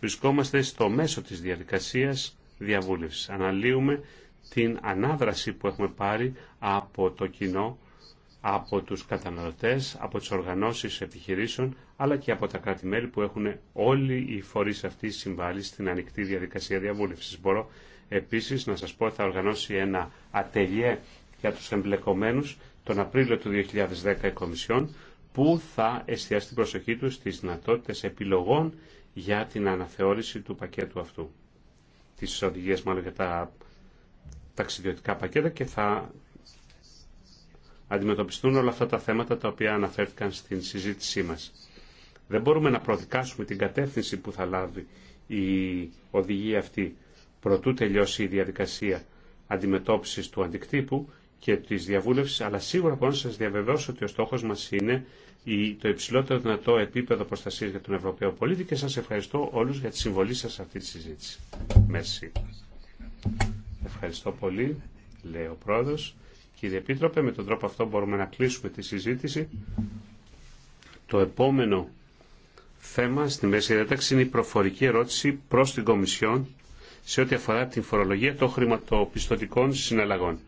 Speaker 2: Βρισκόμαστε στο μέσο τη διαδικασία. Διαβούλευση. Αναλύουμε την ανάδραση που έχουμε πάρει από το κοινό, από τους καταναλωτές, από τις οργανώσεις επιχειρήσεων, αλλά και από τα κράτη-μέλη που έχουν όλοι οι φορείς αυτοί συμβάλει στην ανοιχτή διαδικασία διαβούλευσης. Μπορώ επίσης να σας πω ότι θα οργανώσει ένα ατελιέ για τους εμπλεκομένους τον Απρίλιο του 2010 η Κομισιόν, που θα εστιάσει την προσοχή του στις δυνατότητες επιλογών για την αναθεώρηση του πακέτου αυτού τις οδηγίες μάλλον για τα ταξιδιωτικά πακέτα και θα αντιμετωπιστούν όλα αυτά τα θέματα τα οποία αναφέρθηκαν στην συζήτησή μας. Δεν μπορούμε να προδικάσουμε την κατεύθυνση που θα λάβει η οδηγία αυτή προτού τελειώσει η διαδικασία αντιμετώπισης του αντικτύπου και της διαβούλευσης, αλλά σίγουρα μπορώ να σας διαβεβαιώσω ότι ο στόχος μας είναι το υψηλότερο δυνατό επίπεδο προστασία για τον Ευρωπαίο πολίτη και σας ευχαριστώ όλους για τη συμβολή σας σε αυτή τη συζήτηση. Μέση. Ευχαριστώ πολύ, λέει ο πρόεδρο. Κύριε Επίτροπε, με τον τρόπο αυτό μπορούμε να κλείσουμε τη συζήτηση. Το επόμενο θέμα στη μέση διάταξη είναι η προφορική ερώτηση πρό την Κομισιόν σε ό,τι αφορά την φορολογία των χρηματοπιστωτικών συναλλαγών.